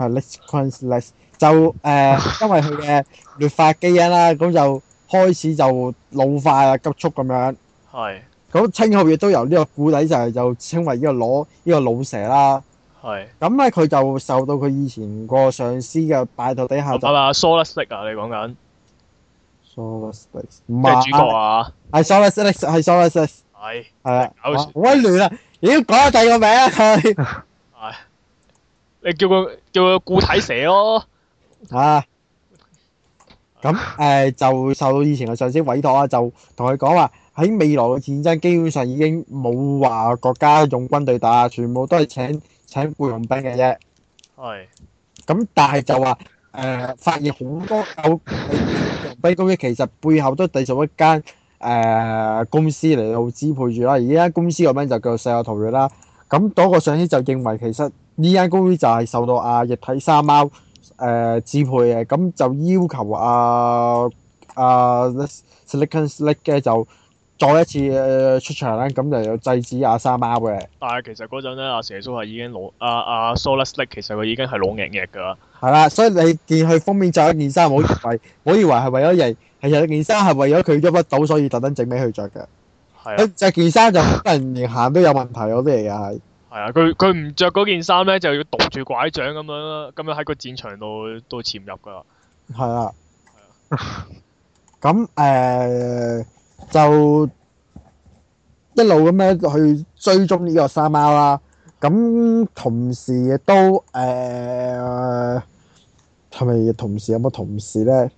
係 less，less，less，就誒，因為佢嘅劣化基因啦，咁就開始就老化啊，急速咁樣。係。咁稱號亦都由呢個古仔就係就稱為呢個攞呢個老蛇啦。係。咁咧，佢就受到佢以前個上司嘅拜託底下。得啦。Solace 啊，你講緊。Solace。唔係主角啊？係 Solace，係 Solace。係。係啊。好亂啊！已經講咗第二個名啊！佢。你叫佢叫佢固體蛇咯，啊，咁誒就受到以前嘅上司委託啊，就同佢講話喺未來嘅戰爭基本上已經冇話國家用軍隊打，全部都係請請僱傭兵嘅啫。係，咁但係就話誒發現好多僱傭兵嗰啲其實背後都係同一間誒公司嚟到支配住啦。而依家公司個名就叫世阿圖爾啦。咁嗰個上司就認為其實呢間公司就係受到阿液體沙貓誒支配嘅，咁就要求阿阿 Solid Snake 就再一次出場啦，咁就有制止阿沙貓嘅。但係其實嗰陣咧，阿蛇叔係已經攞阿阿 Solid Snake，其實佢已經係攞硬硬㗎。係啦，所以你見佢封面著一件衫，我以為我以為係為咗型，其實件衫係為咗佢喐不到，所以特登整俾佢著嘅。係啊，着件衫就連行都有問題嗰啲嚟嘅係。係啊，佢佢唔着嗰件衫咧，就要度住拐杖咁樣，咁樣喺個戰場度都潛入噶。係啊，咁誒、啊 呃、就一路咁樣去追蹤呢個山貓啦。咁同時亦都誒係咪？同時有冇同事咧，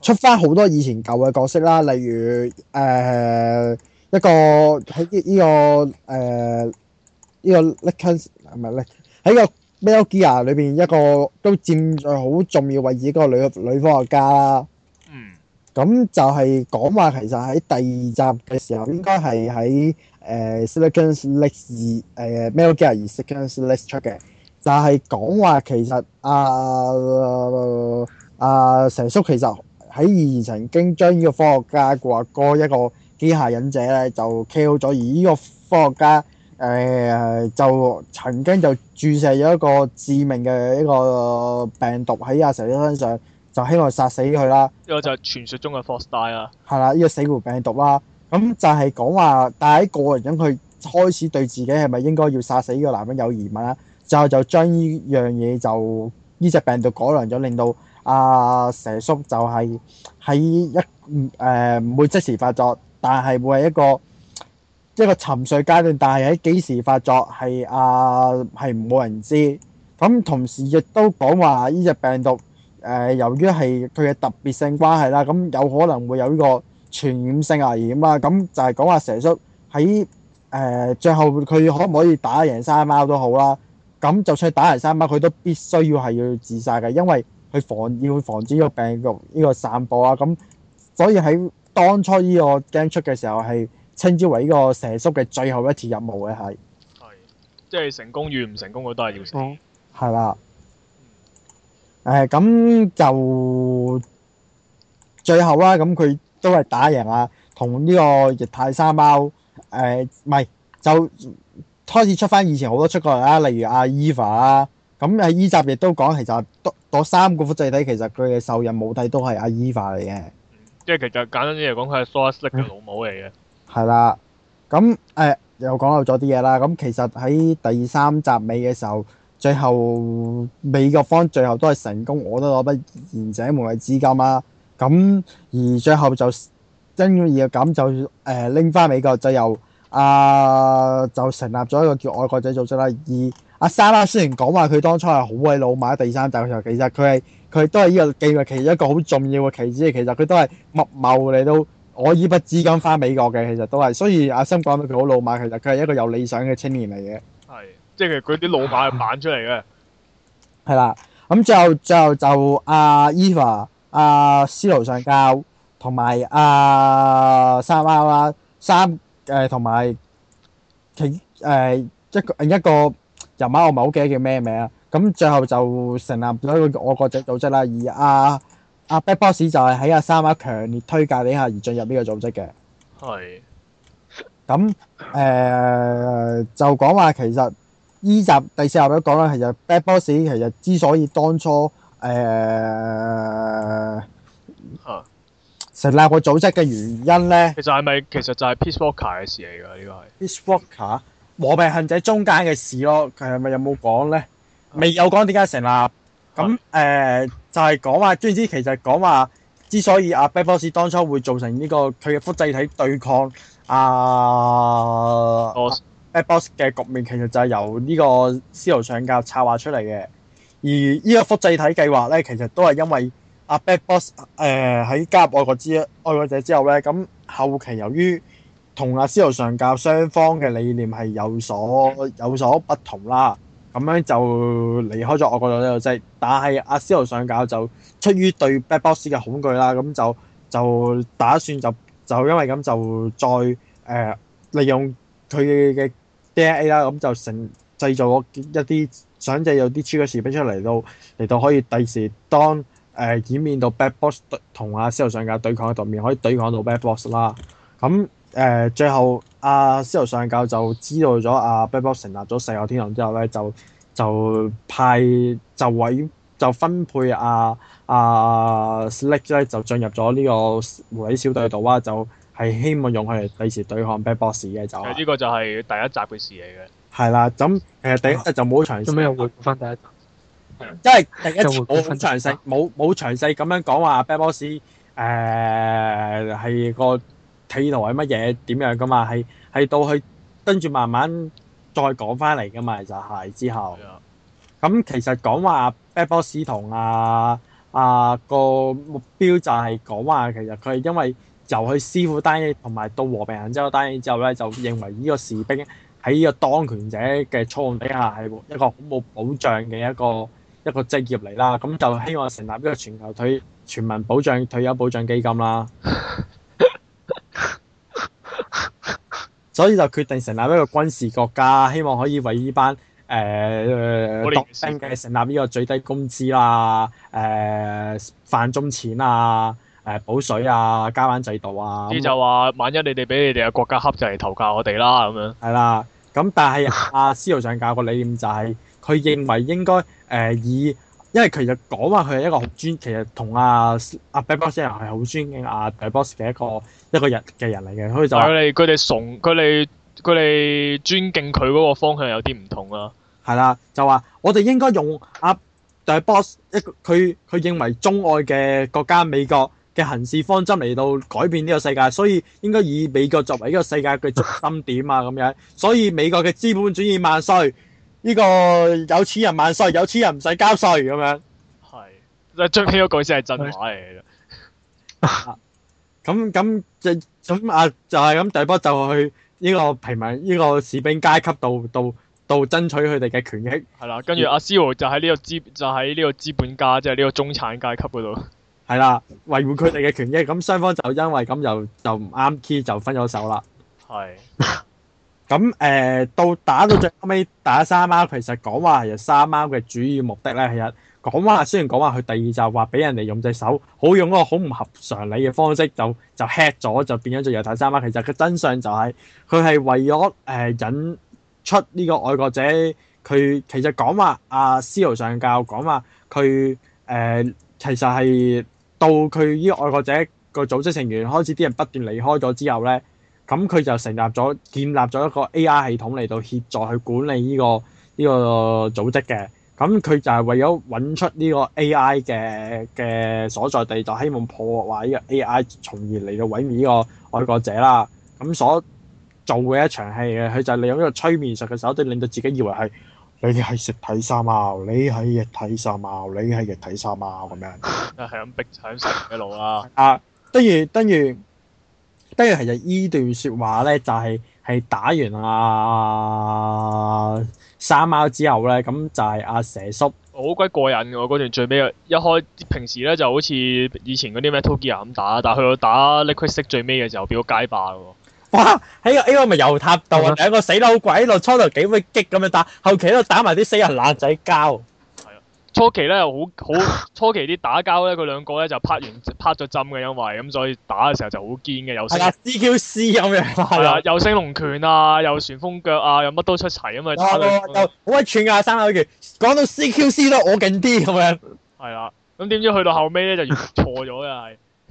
出翻好多以前舊嘅角色啦？例如誒。呃一個喺呢、呢個誒、呢個 Sekans 唔係咧，喺個 Melgia 裏邊一個都佔咗好重要位置嗰個女女科學家啦。嗯，咁就係講話其實喺第二集嘅時候應該係喺誒 Sekans Lex，而誒 Melgia，而 Sekans Lex 出嘅，但係講話其實阿阿成叔其實喺以前曾經將呢個科學家話過一個。呢下忍者咧就 KO 咗，而呢個科學家誒、呃、就曾經就注射咗一個致命嘅一個病毒喺阿、啊、蛇叔身上，就希望殺死佢啦。呢個就係傳説中嘅 FOXDIE 啊，係啦，呢個死活病毒啦。咁就係講話，但係喺個人咁，佢開始對自己係咪應該要殺死呢個男人有疑問啦。之後就將呢樣嘢就呢隻病毒改良咗，令到阿、啊、蛇叔就係喺一誒唔、呃、會即時發作。但係會係一個一個沉睡階段，但係喺幾時發作係啊，係冇人知。咁同時亦都講話呢隻病毒誒，由於係佢嘅特別性關係啦，咁有可能會有呢個傳染性危險啊。咁就係講話蛇叔喺誒最後佢可唔可以打贏山貓都好啦。咁就算打贏山貓，佢都必須要係要自殺嘅，因為佢防要防止呢個病毒呢個散播啊。咁所以喺當初呢個 game 出嘅時候係稱之為呢個蛇叔嘅最後一次任務嘅係，係即係成功與唔成功嘅都係要成功，係啦，嗯，誒咁，嗯呃，就最後啦，咁佢都係打贏啊，同呢個液態沙貓，誒唔係就開始出翻以前好多出過啦，例如阿，啊，Eva 啦，啊，咁喺呢集亦都講，其實嗰三個複製體其實佢嘅受孕母體都係阿，啊，Eva 嚟嘅。即係其實簡單啲嚟講，佢係蘇格蘭嘅老母嚟嘅。係啦，咁誒、哎、又講到咗啲嘢啦。咁其實喺第三集尾嘅時候，最後美國方最後都係成功，我都攞筆賢者們嘅資金啦。咁而最後就爭議嘅咁就誒拎返美國，就由阿、呃、就成立咗一個叫愛國者組織啦。而阿莎拉雖然講話佢當初係好鬼老買第三集嘅時候，其實佢係。佢都係依個幾個其中一個好重要嘅棋子嚟，其實佢都係密謀嚟都，我依筆資金返美國嘅，其實都係。所以阿森講到佢好老馬，其實佢係一個有理想嘅青年嚟嘅。係，即係佢啲老馬係扮出嚟嘅。係啦，咁最後最後就阿 Eva、阿斯勞上教同埋阿沙貓三、誒同埋，佢誒一個一個人物，我唔係好記得叫咩名。咁最後就成立咗一個我國籍組織啦，而阿阿 Bad Boss 就係喺阿三阿強烈推介底下而進入呢個組織嘅。係。咁誒就講話其實呢集第四集都講啦，其實 Bad Boss 其實之所以當初誒成立個組織嘅原因咧，其實係咪其實就係 Peace Walker 嘅事嚟㗎？呢個係 Peace Walker 和平行者中間嘅事咯，佢係咪有冇講咧？未有講點解成立咁誒、呃，就係、是、講話，總之，其實講話之所以阿 Bad Boss 當初會造成呢、這個佢嘅複製體對抗阿、呃、Boss. Bad Boss 嘅局面，其實就係由呢個司徒上校策劃出嚟嘅。而呢個複製體計劃咧，其實都係因為阿 Bad Boss 喺、呃、加入愛國之愛國者之後咧，咁後期由於同阿司徒上校雙方嘅理念係有所有所不同啦。咁樣就離開咗我個度，呢度即係，但係阿斯浩上架就出於對 bad boss 嘅恐懼啦，咁就就打算就就因為咁就再誒、呃、利用佢嘅 DNA 啦，咁就成製造，製造一啲想製有啲超級士兵出嚟到嚟到可以第時當誒掩、呃、面到 bad boss 同阿斯浩上架對抗嘅局面，可以對抗到 bad boss 啦，咁。誒，最後阿、啊、司徒上教就知道咗阿 Bad 貝博成立咗世界天堂之後咧，就就派就位，就分配阿阿 slick 咧就進入咗呢個狐狸小隊度啊，就係、是、希望用佢嚟第時對抗 Bad 貝博士嘅就是。呢個就係第一集嘅事嚟嘅。係啦，咁誒、呃、第一就冇詳細。做咩又回顧翻第一集？因為、啊、第一集我冇詳細冇冇詳細咁樣講話貝博斯誒係、呃、個。係台乜嘢點樣噶嘛？係係到去跟住慢慢再講翻嚟噶嘛？就係之後，咁其實講話阿波斯同阿阿個目標就係講話，其實佢係因為由佢師傅單嘢，同埋到和平引資單嘢之後咧，就認為呢個士兵喺呢個當權者嘅操控底下係一個好冇保障嘅一個一個職業嚟啦。咁就希望成立呢個全球退全民保障退休保障基金啦。所以就決定成立一個軍事國家，希望可以為呢班誒僕兵嘅成立呢個最低工資啦、誒、呃、飯鐘錢啊、誒補水啊、加班制度啊，啲就話萬一你哋俾你哋嘅國家恰就嚟投靠我哋啦咁樣。係啦，咁但係阿司徒上校個理念就係、是、佢認為應該誒、呃、以。因為其實講話佢係一個好尊，其實同阿阿比伯斯人係好尊敬阿比伯斯嘅一個一個人嘅人嚟嘅，所以就佢哋佢哋崇佢哋佢哋尊敬佢嗰個方向有啲唔同啦、啊。係啦，就話我哋應該用阿比伯斯一佢佢認為中外嘅國家美國嘅行事方針嚟到改變呢個世界，所以應該以美國作為呢個世界嘅中心點啊咁樣， 所以美國嘅資本主義萬歲。呢個有錢人萬歲，有錢人唔使交稅咁樣、， 啊、樣。係，即係最尾嗰句先係真話嚟嘅。咁咁即咁啊，就係咁，第二波就去呢個平民、呢、呢個士兵階級度度度爭取佢哋嘅權益。係啦、啊。跟住阿 C 就喺呢個資就喺呢個資本家，即係呢個中產階級嗰度。係啦、啊，維護佢哋嘅權益。咁雙方就因為咁就又唔啱 key，就分咗手啦。係是。 咁誒、呃、到打到最後尾，打沙貓，其實講話其實沙貓嘅主要目的咧，其實講話雖然講話佢第二就話俾人哋用隻手好用一個好唔合常理嘅方式就就吃咗，就變咗做油太沙貓。其實佢真相就係佢係為咗誒、呃、引出呢個愛國者。佢其實講話阿 C 羅上教講話佢誒、呃、其實係到佢依個愛國者個組織成員開始啲人不斷離開咗之後咧。咁佢就成立咗，建立咗一個 AI 系統嚟到協助去管理呢個呢個組織嘅。咁佢就係為咗揾出呢個 AI 嘅嘅所在地，就希望破壞呢個 AI，從而嚟到毀滅呢個愛國者啦。咁所做嘅一場戲嘅，佢就利用呢個催眠術嘅手段，令到自己以為係你係食體沙貓，你係日體沙貓，你係日體沙貓咁樣。即係咁逼，踩死一路啦！啊，跟住……等如。等跟住其實段呢段説話咧，就係、是、係打完阿、啊、三貓之後咧，咁就係阿、啊、蛇叔，好鬼過癮嘅。嗰段最尾一開平時咧就好似以前嗰啲咩 Metal Gear 咁打，但係去到打 Liquid Snake，最尾嘅時候變咗街霸喎。哇！喺個 A 我咪油塔度啊，兩、嗯、個死撈鬼喺度，初頭幾鬼激咁樣打，後期都打埋啲死人爛仔交。 初期咧又好好，初期啲打交咧佢兩個咧就拍完拍咗針嘅，因為咁所以打嘅時候就好堅嘅，有 CQC、啊、咁樣，係啊，啊，又升龍拳啊，又旋風腳啊，又乜都出齊啊嘛，係好鬼串啊，生口、嗯啊、拳，講到 CQC 都我勁啲咁樣，係、嗯、啦，咁點、啊、知去到後尾咧就錯咗啊，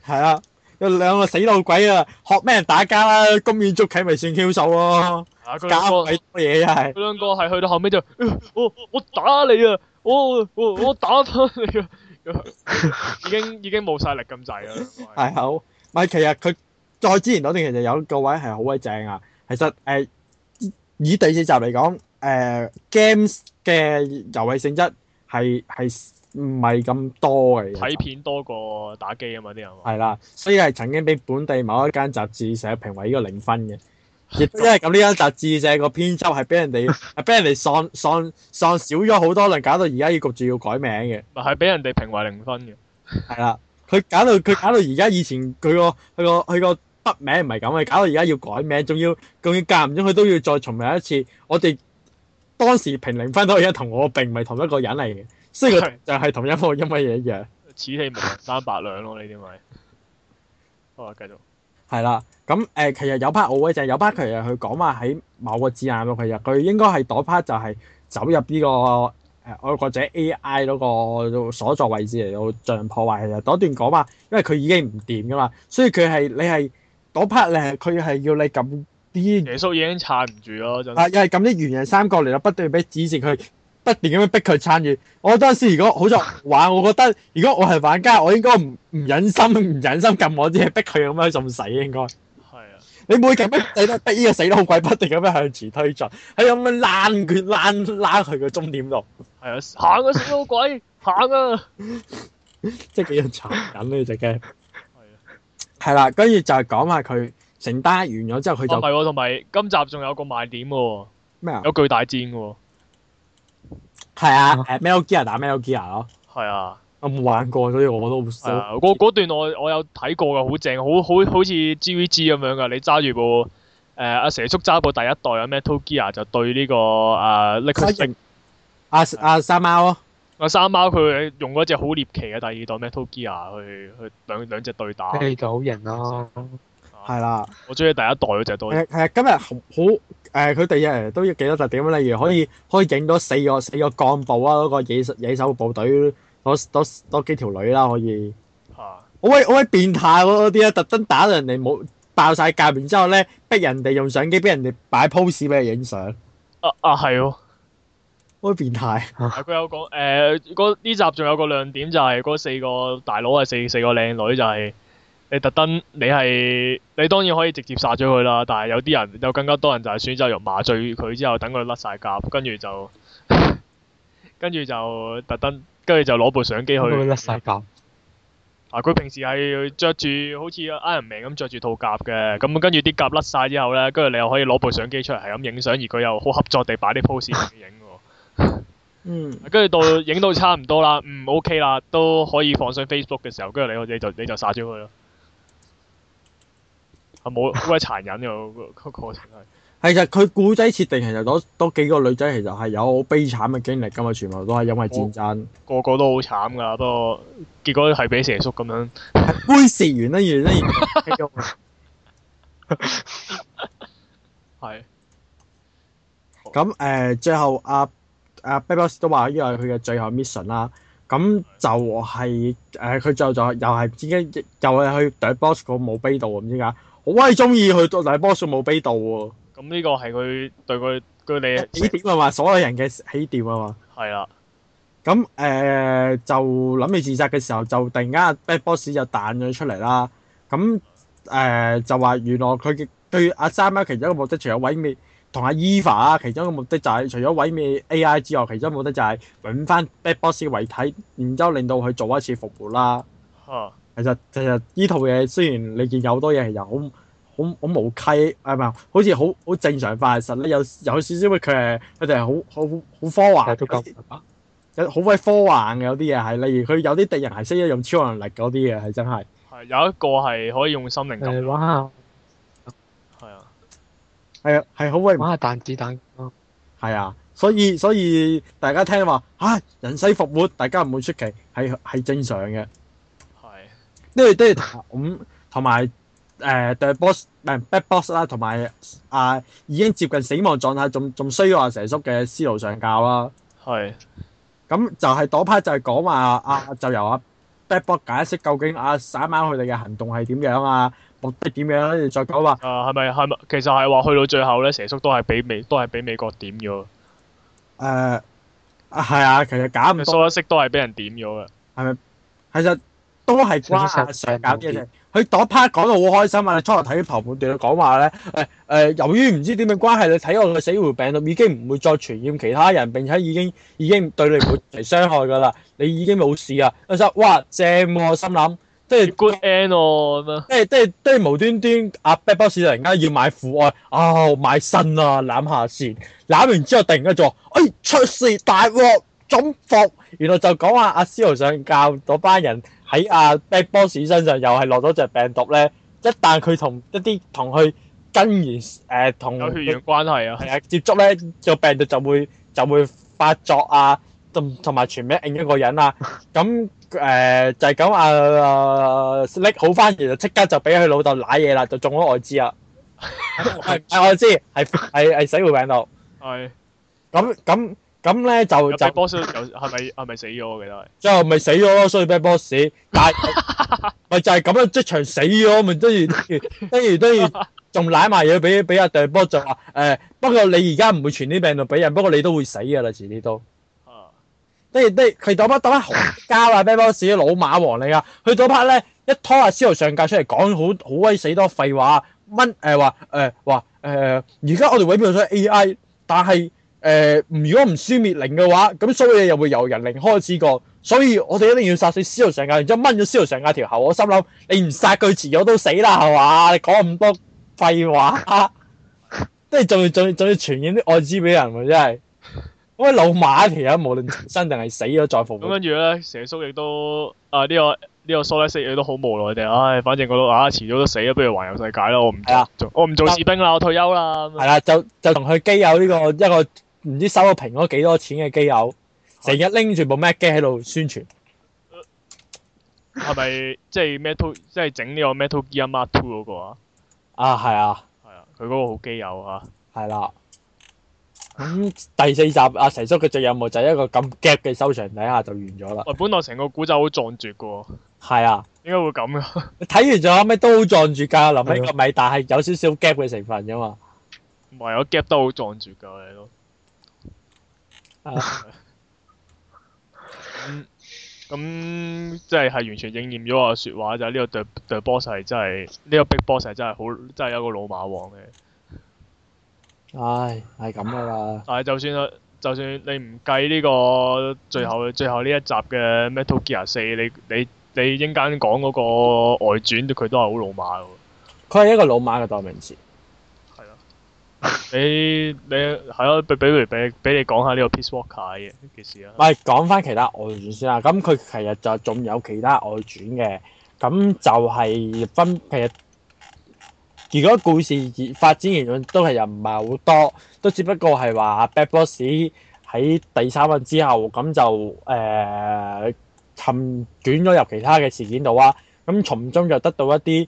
係，係有兩個死路鬼啊，學咩人打交啦，金燕足企咪算 Q 手咯，加鬼多嘢啊係，佢兩個係去到後尾就、哎我，我打你啊！我我打咗你啊， 已經已經冇晒力咁滯啦。係好，唔係其實佢再之前嗰段其實有個位係好鬼正啊。其實誒以第四集嚟講，誒 games 嘅遊戲性質係係唔係咁多嘅。睇片多過打機啊嘛啲人。係 v pal 啦，所以係曾經俾本地某一間雜誌成日評為呢個零分嘅。亦都係咁呢間雜誌個編輯係俾人哋，俾 人哋喪喪喪少咗好多啦，搞到而家要焗住要改名嘅。係俾 人哋評為零分嘅。係 啦，佢搞到佢搞到而家以前佢個佢個佢個筆名唔係咁嘅，搞到而家要改名，仲要仲要間唔中佢都要再重名一次。我哋當時評零分都而家，同我並唔係同一個人嚟嘅，所以就係同一科音樂嘢一樣。此起彼三百兩咯呢啲咪。好啦，繼續。係啦，咁誒、呃、其實有 part 我位就係有 part，其實佢講話喺某個字眼度，其實佢應該係嗰 part 就係走入呢、呢個誒、呃，或者 A.I. 嗰個所在位置嚟到進行破壞。其實嗰段講話，因為佢已經唔掂㗎嘛，所以佢係你係嗰 part，你佢係要你撳啲耶穌已經撐唔住咯，就係又係撳啲圓形三角嚟到不斷俾指示佢。不斷咁樣逼佢參與，我當時如果好作玩，我覺得如果我係玩家，我應該唔唔忍心唔忍心撳我啲嘢逼佢咁樣浸死應該。係啊，你每級逼你都逼呢個死老鬼不斷咁樣向前推進，喺咁樣攔佢攔攔佢個終點度。係啊，行個死老鬼行啊！即係幾人殘忍呢隻 game？係啊，係啦，跟住就係講下佢成單完咗之後佢就唔係喎，同埋今集仲有個賣點喎，咩啊？有巨大戰喎。係啊 Metal Gear 打 Metal Gear 咯。係啊，我冇玩過，所以我我都唔。係啊，我嗰段我我有睇過噶，好正，好好好似 G V G 咁樣噶。你揸住部誒阿，呃、蛇叔揸部第一代 Metal Gear 就對呢，這個啊 n i 阿阿三貓啊，阿三貓佢，啊啊哦、用嗰隻好獵奇嘅第二代 Metal Gear 去去兩兩隻對打。就好型咯。係啦，我中意第一代嗰隻多。係啊，今日好誒，佢哋二都要幾多特點啊？例如可以可以影到四個四個幹部啊，嗰、那個野野手部隊，多多多幾條女啦，可以。吓、啊！我、啊、喂我喂，變態啲啊，特登打到人哋冇爆晒界，然之後咧逼人哋用相機，逼人哋擺 pose 俾佢影相啊。啊啊，係哦，好變態。佢有講誒，呢、呃、集仲有個亮點就係、是、嗰四個大佬啊，四四個靚女就係、是。你特登，你係你當然可以直接殺咗佢啦。但係有啲人，有更加多人就係選擇用麻醉佢之後，等佢甩晒甲。跟住就 跟住就特登，跟住就攞部相機去甩晒甲。嗱、啊，佢平時係着住好似 Ironman 咁，着住套甲嘅。咁跟住啲甲甩晒之後呢，跟住你又可以攞部相機出嚟，係咁影相，而佢又好合作地擺啲 pose 影喎。跟住到影到差唔多啦，唔、嗯、OK 啦，都可以放上 Facebook 嘅時候，跟住你你就你就殺咗佢咯。係冇好鬼殘忍嘅過程，係其實佢古仔設定，其實嗰嗰幾個女仔其實係有好悲慘嘅經歷㗎嘛，全部都係因為戰爭，個個都好慘㗎，不過結果係俾蛇叔咁樣， 杯蛇完啦完啦完，係咁。咁誒，最後阿阿 Big Boss 都話呢個係佢嘅最後 mission 啦，咁就係誒佢最後就又係點解又係去躲 Boss 嗰冇悲度啊？唔知點解。好鬼中意佢，但係 boss 冇俾到喎。咁呢個係佢對佢佢哋起點啊嘛，所有人嘅起點啊嘛。係啦。咁誒，就諗起自殺嘅時候，就突然間 bad boss 就彈咗出嚟啦。咁誒，就話原來佢對阿三啊，其中一個目的，除咗毀滅同阿 Eva 啊，其中嘅目的就係除咗毀滅 AI 之外，其中目的就係搵翻 bad boss 嘅遺體，然之後令到佢做一次復活啦。吓。其實其實呢套嘢雖然你見有好多嘢係又好好好無稽，誒唔好似好好正常化。其實你有有少少佢係佢哋係好好好科幻，啊、有好鬼科幻嘅有啲嘢係，例如佢有啲敵人係識得用超能力嗰啲嘢係真係。有一個係可以用心靈感係、嗯、啊，係啊，係好鬼玩下彈子彈，係啊，所以所以大家聽話嚇、啊、人死復活，大家唔會出奇係係正常嘅。呢啲都係同同埋誒掉 box 誒 bad box 啦，同埋啊已經接近死亡狀態，仲仲需要阿蛇叔嘅思路上教啦。係咁就係嗰 part 就係講話啊，就由啊 bad box 解釋究竟啊曬晚佢哋嘅行動係點樣啊，目的點樣，跟住再講話啊，係咪係咪？其實係話去到最後咧，蛇叔都係俾美都係俾美國點咗。誒啊係啊，其實假唔多，所有識都係俾人點咗嘅。係咪？其實。都係關阿 Sir 搞嘅嘢。佢嗰 part 講到好開心啊！初頭睇啲旁盤對佢講話咧，誒誒，由於唔知點樣關係，你睇我嘅死狐病毒已經唔會再傳染其他人，並且已經已經對你冇嚟傷害㗎啦。你已經冇事啊！佢話哇，正喎，心諗即係 good end 咯，即係即係即係無端端阿 Black Boss 突然間要買父愛啊，買腎啊，攬下線攬完之後，突然間就話哎出事大鑊中伏，原來就講話阿 Sir 想教嗰班人。喺阿 bad boss 身上又係落咗隻病毒咧，一旦佢同一啲同佢根源誒同有血緣關係啊，係啊接觸咧，個病毒就會就會發作啊，同同埋傳染另一個人啊。咁誒就係咁啊，拎好翻完就即刻就俾佢老豆攋嘢啦，就中咗艾滋啊！係，係艾滋，係係係死灰病毒。係。咁咁。咁咧就就 b l a c 係咪係咪死咗？我記得最後咪死咗咯，所以 b a d Boss 但但咪就係咁咯，即場死咗，咪都要跟住，都要仲舐埋嘢俾俾阿 b 波，就 c 誒，不過、就是、你而家唔會傳啲病毒俾人，不過你都會死噶啦，遲啲都。啊！不如不如佢嗰 part 嗰 p b a d Boss 老馬王嚟噶，佢嗰 part 咧一拖下蕭昊上架出嚟講，好好威死多廢話，蚊誒話誒話誒，而家我哋委邊咗 AI，但係。誒如果唔消滅零嘅話，咁所有嘢又會由人零開始過，所以我哋一定要殺死斯洛上鷹，然之後掹咗斯洛上鷹條喉。我心諗你唔殺佢遲早都死啦，係嘛？你講咁多廢話，即係仲要仲要傳染啲艾滋俾人喎，真係。喂老馬其實無論生定係死咗再復。咁跟住咧，蛇叔亦都啊呢個呢個蘇拉西亦都好無奈哋唉，反正我覺得遲早都死啊，不如環遊世界啦。我唔我唔做士兵啦，我退休啦。係啦，就就同佢基友呢個一個。唔知收咗蘋果幾多錢嘅機友，成日拎住部 Mac 機喺度宣傳，係咪即係咩 To 即係整呢個 Metal Gear Mk2 嗰個啊？啊係啊，係啊，佢嗰、啊、個好機友啊，係啦、啊。咁、嗯、第四集阿、啊、成叔嘅隻任務就係一個咁 gap 嘅收場，底下就完咗啦。喂，本來成個古仔好壯絕嘅喎，係啊，應該會咁嘅。睇完咗後咩都好壯絕㗎，臨尾個尾，啊、但係有少少 gap 嘅成分㗎嘛。唔係，我 gap 都好壯絕㗎，你都。咁咁、 嗯、即係係完全應驗咗我說話就係呢個 The The Boss，真係呢個 Big Boss 是真係好，真係有個老馬王嘅。唉，係咁噶啦。但係就算就算你唔計呢個最後最後呢一集嘅 Metal Gear 四，你你你陣間講嗰個外傳佢都係好老馬噶。佢係一個老馬嘅代名詞。 你你係咯，比比如比俾你講下呢個 Peace Walker 嘅件事啊。啦。喂，講翻其他外傳先啦。咁佢其實就仲有其他外傳嘅，咁就係分其實如果故事發展完咗都係又唔係好多，都只不過係話 bad boss 喺第三份之後咁就誒、呃、沉捲咗入其他嘅事件度啊，咁從中就得到一啲。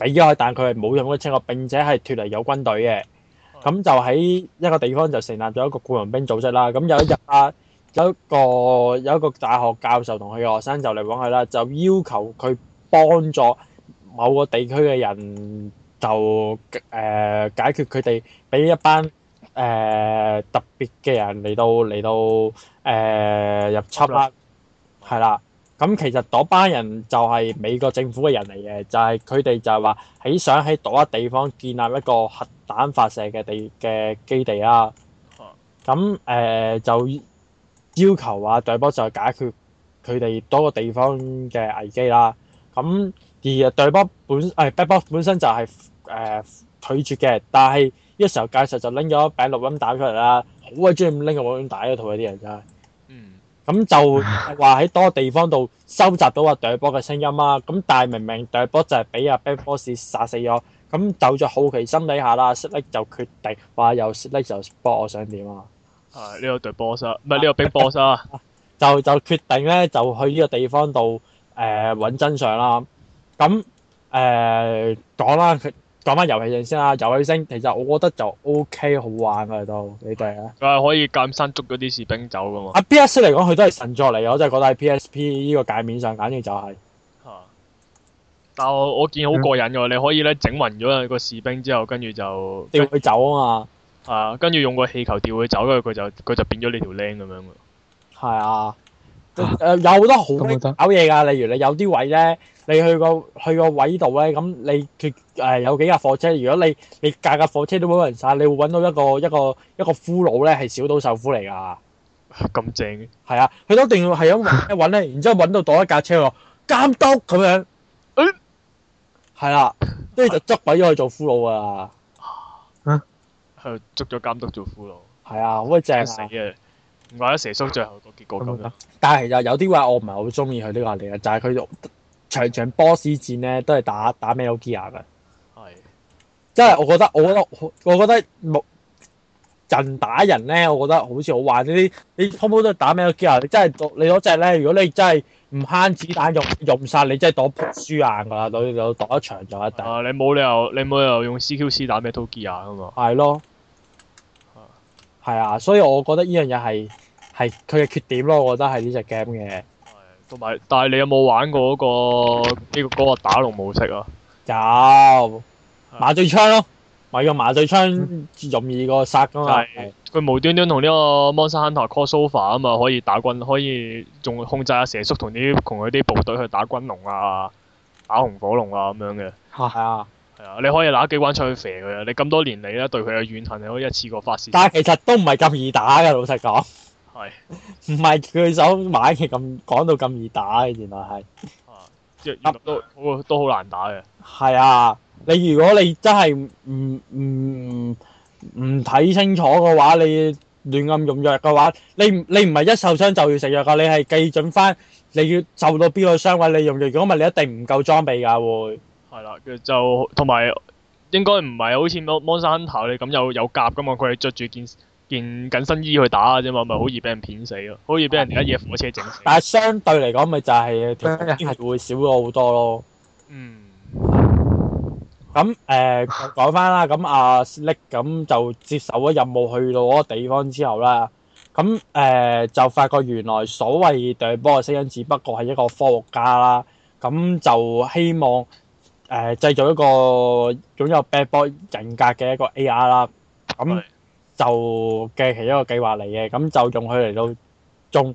俾咗佢，但佢係冇用嗰啲車嘅，並且係脫離有軍隊嘅。咁就喺一個地方就成立咗一個僱傭兵組織啦。咁有一日啊，有一個有一個大學教授同佢嘅學生就嚟揾佢啦，就要求佢幫助某個地區嘅人就誒、呃、解決佢哋俾一班誒、呃、特別嘅人嚟到嚟到誒、呃、入侵啦，係吧啦。咁其實嗰班人就係美國政府嘅人嚟嘅，就係佢哋就係話喺想喺嗰一地方建立一個核彈發射嘅地嘅基地啦、啊啊呃。咁誒就要求話戴波就解決佢哋多個地方嘅危機啦。咁而戴波本誒 Back Boss 本身就係、是、誒、呃、拒絕嘅，但係一個時候介紹就拎咗餅錄音帶出嚟啦，好鬼中意拎錄音帶嗰套啊！啲人真係～咁就話喺多個地方度收集到阿隊波嘅聲音啦。咁但係明明隊波就係俾阿 Big Boss 殺死咗，咁就咗好奇心底下啦 Slick 就決定話由 Slick 就幫我想點啊！係呢個隊波唔係呢個 Big Boss 啊！就就決定咧，就去呢個地方度誒揾真相啦！咁誒講啦佢。呃講翻遊戲性先啦，遊戲性其實我覺得就 O、OK, K 好玩啊都，你哋啊，佢係可以近身捉咗啲士兵走噶嘛。啊，P S 嚟講佢都係神作嚟，我真係覺得喺 P S P 呢個界面上簡直就係、是。吓、啊！但我我見好過癮噶，你可以咧整暈咗個士兵之後，跟住就調佢走啊嘛。係啊，跟住用個氣球調佢走，因為佢就佢就變咗你條靚咁樣。係啊， 啊，有好多好搞嘢噶，例如你有啲位咧。你去個去個位度咧，咁你佢誒、呃、有幾架貨車？如果你你架架貨車都冇人晒，你會搵到一個一個一個俘虜咧，係小島秀夫嚟噶。咁正？係啊，佢、啊、一定要係因為一搵咧，然之後搵到躲一架車，監督咁樣。係啦、哎，跟住、啊、就捉鬼咗去做俘虜啊。嗯，去捉咗監督做俘虜。係啊，好鬼正唔、啊、怪得蛇叔最後個結果咁啦、嗯。但係其實有啲話我唔係好中意佢呢個壓力啊。就係、是、佢場場 Boss 戰咧都係打打 Metal Gear 噶係，真係我覺得我覺得我覺得冇人打人咧，我覺得好似好玩啲。你鋪鋪都係打 Metal Gear 你真係你嗰隻咧，如果你真係唔慳子彈用用晒，你真係當扑輸硬噶啦，到到躲一場就一定、啊。你冇理由你冇理由用 CQC 打 Metal Gear 噶嘛？係咯的，係啊，所以我覺得呢樣嘢係係佢嘅缺點咯，我覺得係呢隻 game 嘅。同埋，但係你有冇玩過嗰、嗰個呢、呢個、嗰個打龍模式啊？有啊麻醉槍咯，咪用麻醉槍容易過殺噶嘛。佢是、啊、無端端同呢個 Monster Hunter Crossover 啊嘛，可以打軍，可以仲控制阿蛇叔同啲同佢啲部隊去打軍龍啊，打紅火龍啊咁樣嘅。係啊！係啊！你可以拿機關槍出去射佢啊！你咁多年嚟咧，對佢嘅怨恨，你可以一次過發泄。但係其實都唔係咁易打噶，老實講。係，唔係佢手買嘅咁，講到咁易打， 原來係，夾到、 啊，都都好難打嘅。係啊，你如果你真係唔唔唔睇清楚嘅話，你亂暗用藥嘅話，你你唔係一受傷就要食藥噶，你係計準翻，你要受到邊個傷位，你用藥，如果唔係你一定唔夠裝備噶會。係啦、啊，就同埋應該唔係好似芒山頭你咁有有夾噶嘛，佢係着住件件緊身衣去打啊，啫嘛，咪好易俾人騙死咯，好易俾人而家嘢火車整死。但係相對嚟講，咪就係係會少咗好多咯。嗯。咁誒講翻啦，咁阿 Slick 咁就接受咗任務，去到嗰個地方之後啦，咁誒就發覺原來所謂對波嘅聲音，只不過係一個科學家啦。咁就希望誒製造一個擁有 Bad Boy 人格嘅一個 AR 啦。咁。就嘅其中一個計劃嚟嘅，咁就用佢嚟到，仲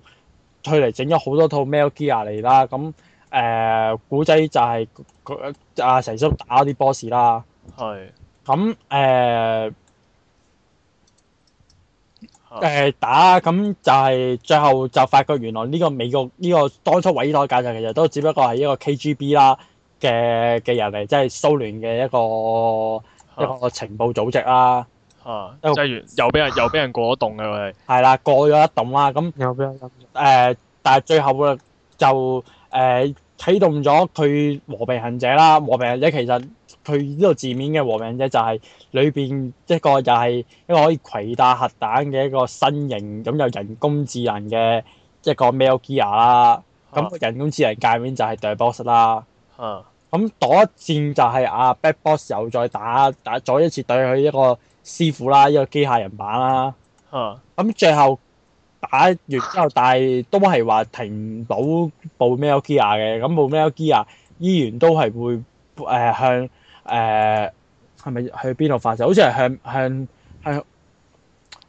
佢嚟整咗好多套 mail gear 嚟啦。咁誒古仔就係阿成叔打啲 boss 啦。係、呃。咁誒誒打，咁就係最後就發覺原來呢個美國呢、這個當初委託代介紹其實都只不過係一個 KGB 啦嘅嘅人嚟，即係蘇聯嘅一個一個情報組織啦。啊！即係又俾人、啊、又俾人過一棟嘅佢哋係啦，過咗一棟啦。咁又俾人誒，但係最後咧就誒、呃、啟動咗佢和平行者啦。和平行者其實佢呢度字面嘅和平行者就係裏邊一個就係一個可以攜帶核彈嘅一個新型咁有人工智能嘅一個 Metal Gear 啦。咁、啊、人工智能界面就係 The Boss 啦。咁嗰、啊、一戰就係啊 b a c k boss 又再打打咗一次對佢一個。師傅啦，一個機械人版啦，咁、啊、最後打完之後，但係都係話停唔到部 Metal Gear 嘅，咁部 Metal Gear，依然都係會誒、呃、向誒係咪去邊度發射？好似係向向向，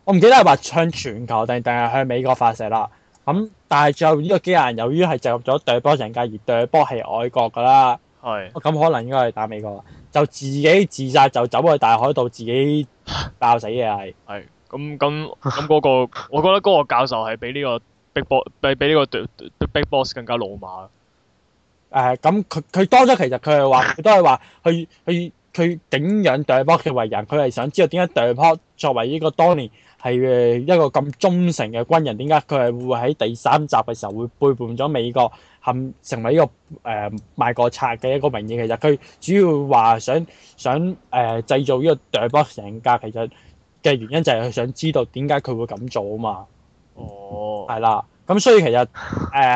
我唔記得係話向全球定定係向美國發射啦。咁但係最後呢個機械人，由於係植入咗奪波人格，而奪波係外國噶啦，係是，咁可能應該係打美國。就自己自殺，就走去大海度自己爆死嘅係。係咁咁咁嗰個，我覺得嗰個教授係比呢個 Big Boss 比比呢個 Big Boss 更加老馬。誒、呃，咁佢佢當初其實佢係話，佢都係話，佢佢佢點樣掉波嘅為人？佢係想知道點解掉波作為呢個當年係一個咁忠誠嘅軍人，點解佢係會喺第三集嘅時候會背叛咗美國？成為呢、這個誒、呃、賣國賊嘅一個名義，其實佢主要話想想誒製、呃、造呢個掉波成交，其實嘅原因就係佢想知道點解佢會咁做啊嘛。哦、oh.，係啦，咁所以其實誒喺、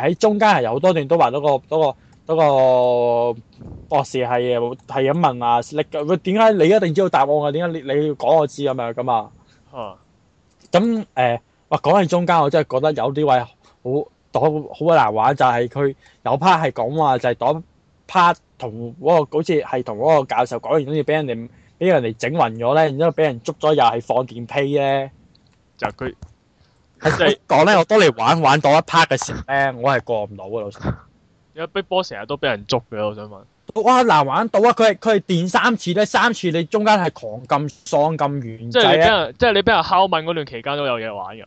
呃、中間係有好多段都話嗰、那個嗰、那個那個那個、博士係係咁問啊，你點解你一定知道答案啊？點解你你要講我知咁樣咁啊？啊，咁誒話講起中間，我真係覺得有啲位好。檔好難玩，就係、是、佢有 part 係講話就係檔 part 同嗰個好似係同嗰個教授講完，好似俾人哋俾人哋整暈咗咧，然之後俾人捉咗又係放電批咧。就係、是、佢，我講咧，我當你玩玩到一 part 嘅時候咧，我係過唔到啊！老實，你阿碧波成日都俾人捉嘅，我想問。哇，難玩到啊！佢係佢係電三次咧，三次你中間係狂咁喪咁完即係你俾人即係、就是、你俾人敲問嗰段期間都有嘢玩嘅。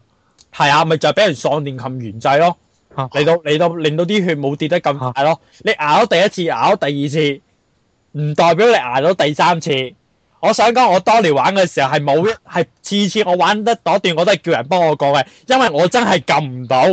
係啊，咪就係、是、俾人喪電冚完制咯。嚟到嚟到令到啲血冇跌得咁快咯，你捱咗第一次，捱咗第二次，唔代表你捱到第三次。我想講，我當年玩嘅時候係冇一係次次我玩得果段，我都係叫人幫我過嘅，因為我真係撳唔到。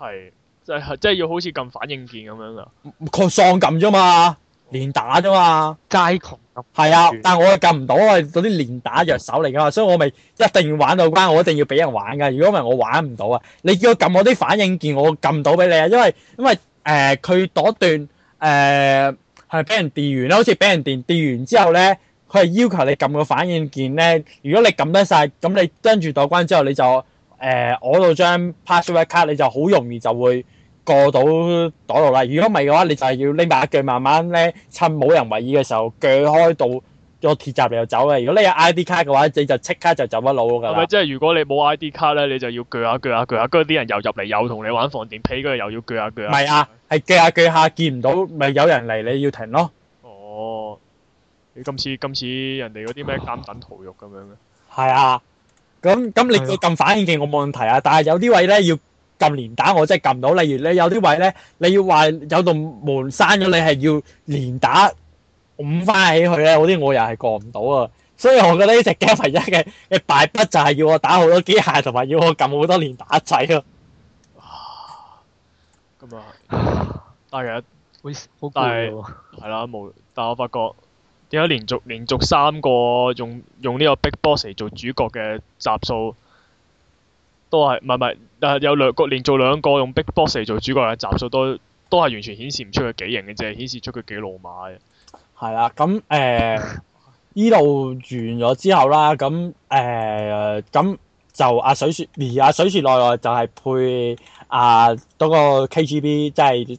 係，就係真係要好似撳反應鍵咁樣噶，靠喪撳啫嘛。連打啫嘛，街窮咁。係啊，但係我又撳唔到啊，嗰啲連打弱手嚟噶嘛，嗯、所以我咪一定要玩到關，我一定要俾人玩噶。如果唔係我玩唔到啊。你叫我撳我啲反應鍵，我撳唔到俾你啊。因為因為誒佢嗰段誒係俾人電完啦，好似俾人電電完之後咧，佢係要求你撳個反應鍵咧。如果你撳得晒，咁你跟住到關之後你就誒、呃、我到將 passive card，你就好容易就會。過到度啦，如果唔係嘅話，你就係要拎埋一鋸，慢慢咧趁冇人為意嘅時候鋸開到個鐵閘嚟就走啦。如果你有 ID 卡嘅話，你就即刻就走甩腦噶啦。即係如果你冇 ID 卡咧，你就要鋸下鋸下鋸下，跟住啲人又入嚟又同你玩防電屁。跟住又要鋸下鋸下。係啊，係鋸下鋸下見唔到，咪有人嚟你要停咯。哦，你今次今次人哋嗰啲咩監躉屠肉咁樣嘅。係啊，咁咁你個咁反應勁我冇問題啊，但係有啲位咧要。撳連打我真係撳到，例如你有啲位呢，你要話有道門閂咗，你係要連打五翻起佢呢。嗰啲我又係過唔到啊！所以我覺得呢隻 game 唯一嘅嘅敗筆就係要我打好多機械，同埋要我撳好多連打仔咯。啊是，咁啊累、哦，但係，但係係啦，冇。但我發覺點解連續連續三個用用呢個 Big Boss 嚟做主角嘅集數？都係唔係唔係，但係有兩個連做兩個用 Big Box 嚟做主角嘅集數都都係完全顯示唔出佢幾型嘅啫，顯示出佢幾老馬嘅、啊。係、呃、啦，咁誒依度完咗之後啦，咁誒咁就阿水雪而阿水雪內內就係配啊嗰個 KGB，即係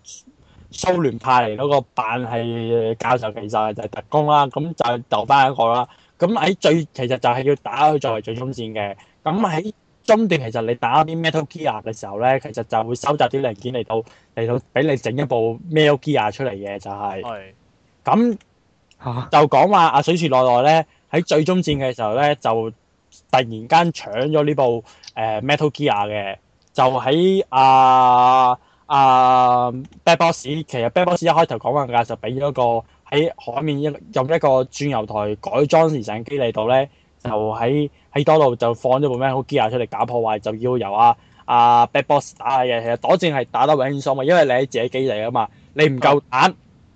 蘇聯派嚟嗰個扮係教授其實就係特工啦。咁就留翻一個啦。咁喺最其實就係要打佢作為最終戰嘅。咁喺中段其實你打啲 Metal Gear 嘅時候咧，其實就會收集啲零件嚟到嚟到俾你整一部 Metal Gear 出嚟嘅，就係。係。咁就講話阿水池奈奈咧喺最終戰嘅時候咧，就突然間搶咗呢部誒、呃、Metal Gear 嘅，就喺啊啊 Bad Boss。其實 Bad Boss 一開頭講話㗎就俾咗一個喺海面用一個轉油台改裝直升機嚟到咧。就喺喺多路就放咗部咩好機器出嚟搞破壞，就要由阿阿 Big Boss 打嘅。其實躲戰係打得輕鬆嘅，因為你係自己機嚟嘅嘛。你唔夠彈，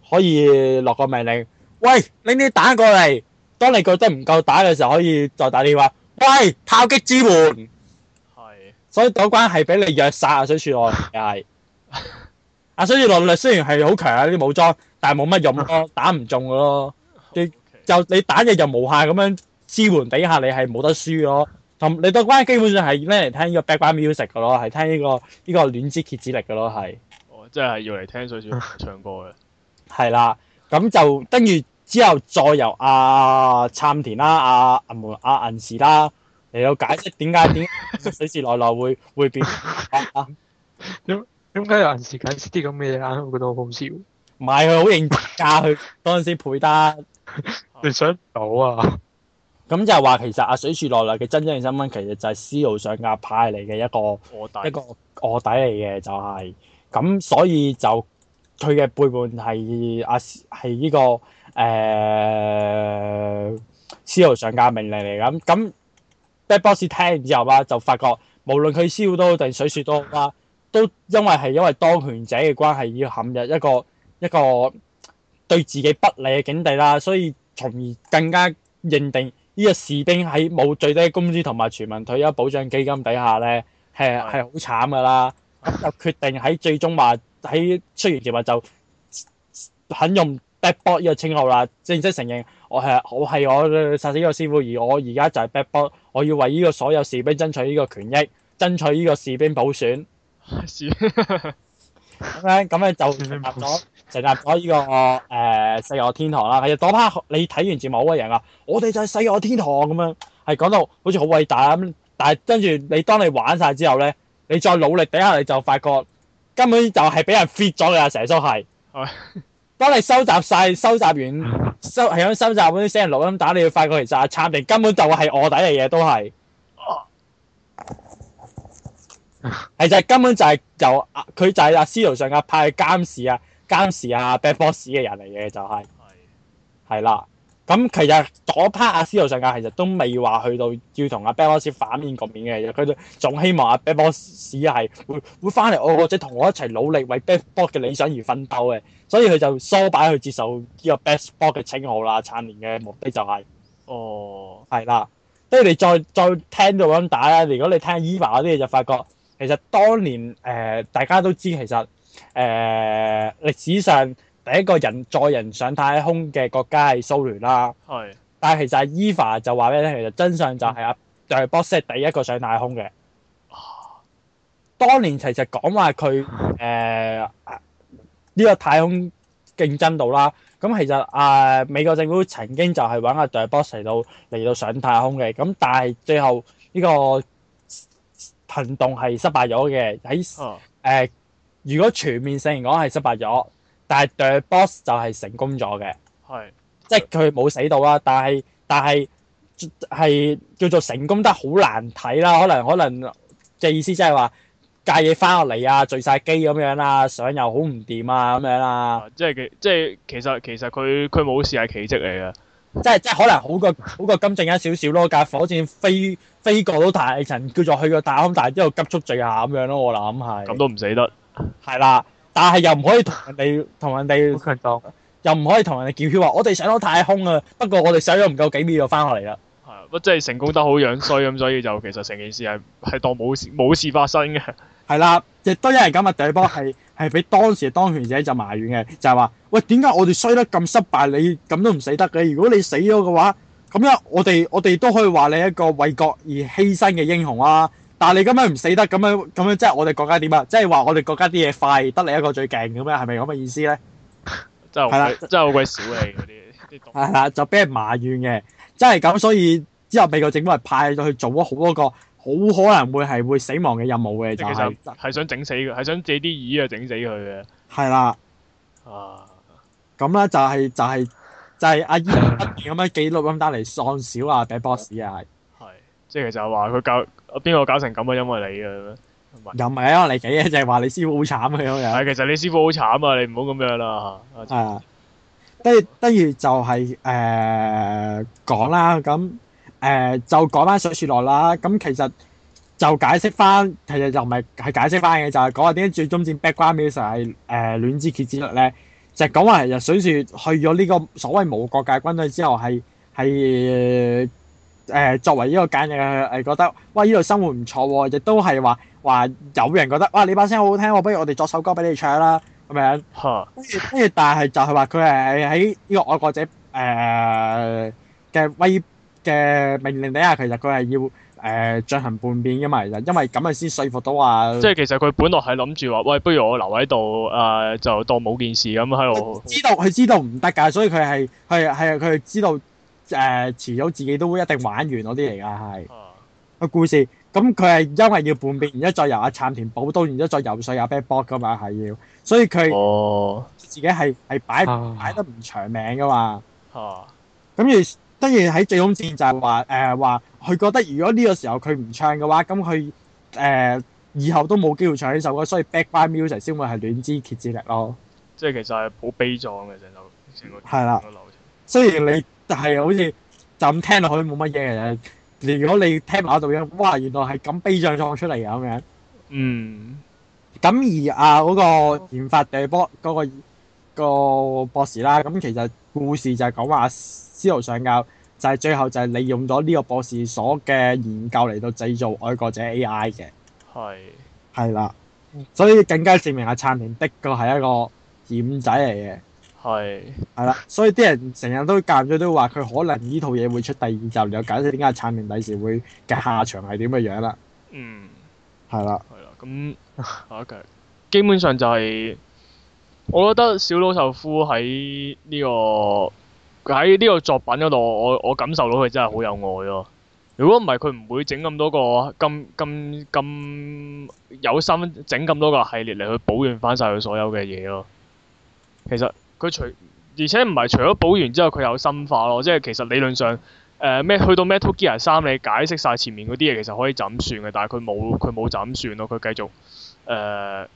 可以落個命令，喂，拎啲彈過嚟。當你覺得唔夠打嘅時候，可以再打電話，喂，炮擊支援。係，所以嗰關係俾你虐殺阿水柱樂又係。阿水柱樂雖然係好強啲武裝，但係冇乜用咯，打唔中㗎咯。你又你彈嘢又無限咁樣。支援底下你係冇得輸咯，同你對關基本上係咩嚟聽呢個,、呢個 background music 噶咯，係聽呢個呢個戀之蠍之力噶咯，係。哦，即係要嚟聽水池唱歌嘅。係 啦，咁就跟住之後再由阿、啊、杉田啦、啊、阿阿冇阿銀時啦嚟到解釋點解點水池內流,流會會變成。點點解有銀時解釋啲咁嘅嘢啊？我覺得好好笑。唔係佢好認真 啊！佢嗰陣時配得。你想唔到啊？咁就係話，其實阿水柱落嚟嘅真正嘅身份，其實就係 C.O. 上家派嚟嘅一個一個臥底嚟嘅，就係咁，所以就佢嘅背叛係阿係呢個誒 C.O. 上家命令嚟嘅咁咁。Bad Boss 聽完之後啦，就發覺無論佢 C.O. 都好定係水柱都好啦，都因為係因為當權者嘅關係，要陷入一個一個對自己不利嘅境地啦，所以從而更加認定。呢個士兵喺冇最低工資同埋全民退休保障基金底下咧，係係好慘噶啦。咁 就決定喺最終話喺出完結話就肯用 Bad Boy 呢個稱號啦，正式承認我係我係我，我殺死呢個師傅，而我而家就係 Bad Boy，我要為呢個所有士兵爭取呢個權益，爭取呢個士兵補選。咁咧咁咧就咗。成日講呢個誒世外天堂啦，係啊，當你你睇完節目嗰個人啊，我哋就係世外天堂咁樣，係講到好似好偉大咁，但係跟住你當你玩晒之後咧，你再努力底下你就發覺根本就係俾人 fit 咗你啊，蛇叔係。係。當你收集晒、收集完、收係想收集嗰啲死人錄音打，你要發覺其實阿參定根本就係臥底嚟嘢都係，係就係根本就係由佢就係阿 C 羅上嘅派去監視啊。監視啊，Bad Boss 嘅人嚟嘅就係、是，係啦的。咁其實嗰 part 阿 Cleo 上架，其實，其實都未話去到要同阿 Bad Boss 反面局面嘅，佢仲希望阿 Bad Boss 係會會翻嚟我或者同我一齊努力為 Bad Boss 嘅理想而奮鬥嘅。所以佢就梳擺去接受呢個 Bad Boss 嘅稱號啦。殘年嘅目的就係、是，哦，係啦。跟住你再再聽到咁打咧，如果你聽 Eva 嗰啲嘢就發覺，其實當年誒、呃、大家都知其實。誒、歷、呃、史上第一個人載人上太空嘅國家係蘇聯啦。係是，但係其實係、e、Eva 就話俾你咧，其實真相就係阿 The Boss 第一個上太空嘅。哦，當年其實講話佢誒呢個太空競爭度啦，咁、嗯、其實誒、呃、美國政府曾經就係揾阿 d b The Boss 嚟到嚟到上太空嘅，咁但係最後呢個行動係失敗咗嘅喺誒。如果全面性嚟講係失敗咗，但係 the boss 就係成功咗嘅，是即係佢冇死到啦。但係但係係叫做成功得好難睇啦。可能可能嘅意思即係話戒嘢翻落嚟啊，聚晒機咁樣啦、啊，上又好唔掂啊咁樣啦、啊啊。即係即係其實其實佢佢冇事係奇蹟嚟嘅。即係即係可能好過好過金正恩少少咯。架、那個、火箭飛飛過到大氣層，叫做去個太空大之後急速墜下咁樣咯。我諗係。咁都唔死得是。係啦，但係又唔可以同人哋，同人哋、啊、又唔可以同人哋叫囂話我哋上咗太空啊！不過我哋上咗唔夠幾秒就翻落嚟啦。係，不即係成功得好樣衰咁，所以就其實成件事係係當冇事冇事發生嘅。係啦，亦都因為今第一波係係俾當時當權者就埋怨嘅，就係、是、話喂，點解我哋衰得咁失敗？你咁都唔死得嘅？如果你死咗嘅話，咁樣我哋我哋都可以話你一個為國而犧牲嘅英雄啊！但係你咁樣唔死得，咁樣咁樣即係我哋國家點啊？即係話我哋國家啲嘢，快得你一個最勁嘅咩？係咪咁嘅意思咧？真係好鬼，真係好鬼少嘅嗰啲啲係啦，就俾 人埋怨嘅，真係咁。所以之後美國政府派咗去做咗好多個好可能會係會死亡嘅任務嘅就係、是、想整死佢，係想借啲餌啊整死佢嘅。係啦，啊，咁啦就係、是、就係、是、就係、是、阿姨，人不斷咁樣記錄咁打嚟，喪小啊俾 boss 啊係，係即係就係話佢教。啊！邊個搞成咁啊？因為你嘅，又唔係啊？我嚟幾啊？就係話你師傅好慘嘅咁又。係其實你師傅好慘啊！你唔好咁樣啦。係。跟住跟住就係誒講啦。咁誒就講翻水樹來啦。咁其實就解釋翻，其實又唔係係解釋翻嘅，就係講話點解最終戰 Background Music 係誒戀之揭之律咧。就係講話其實水樹去咗呢個所謂無國界軍隊之後係係。誒作為呢個簡歷係覺得，喂，呢度生活唔錯喎、哦，亦都係話話有人覺得，哇！你把聲好好聽喎、哦，不如我哋作首歌俾你唱啦，咁樣跟住跟住，但係就係話佢係喺呢個外國者誒嘅、呃、威嘅命令底下，其實佢係要誒進、呃、行叛變，因為因為咁樣先說服到啊。即係其實佢本來係諗住話，喂，不如我留喺度，誒、呃、就當冇件事咁喺度。知道佢知道唔得㗎，所以佢係係係佢知道。誒遲早自己都一定玩完嗰啲嚟㗎，係個、啊、故事。咁佢係因為要半變，然之再由阿杉田補刀，然之後再游水有 bad box 㗎嘛，係、哦、要。所以佢自己係係擺、啊、擺得唔長命㗎嘛。咁而當然喺最終戰就係話誒話，佢、啊呃、覺得如果呢個時候佢唔唱嘅話，咁佢誒以後都冇機會唱呢首歌，所以《Back by Music》先會係亂之竭之力咯。即係其實係好悲壯嘅成首係啦。的雖然你但係好似就咁聽落去冇乜嘢嘅。如果你聽埋嗰度嘅，哇，原來係咁悲壯創出嚟嘅咁樣。嗯。咁而啊嗰、那個研發地波嗰、那個、那個博士啦，咁、那個、其實故事就係講話司徒上校就係、是、最後就係利用咗呢個博士所嘅研究嚟到製造愛國者 AI 嘅。係是。係啦。所以更加證明阿燦明的確係一個險仔嚟嘅。係，係啦，所以啲人成日都間中都話佢可能呢套嘢會出第二集，嚟到解釋點解產娘第時會嘅下場係點嘅樣啦。嗯，係啦，係啦，咁啊，其實基本上就係，我覺得小老頭夫喺呢個喺呢個作品嗰度，我我感受到佢真係好有愛咯。如果唔係佢唔會整咁多個咁咁咁有心整咁多個系列嚟去補完翻晒佢所有嘅嘢咯。其實，佢除而且唔係除咗補完之後，佢有深化咯，即係其實理論上誒咩、呃、去到 Metal Gear 三，你解釋晒前面嗰啲嘢，其實可以斬斷嘅，但係佢冇佢冇斬斷咯，佢繼續誒、呃、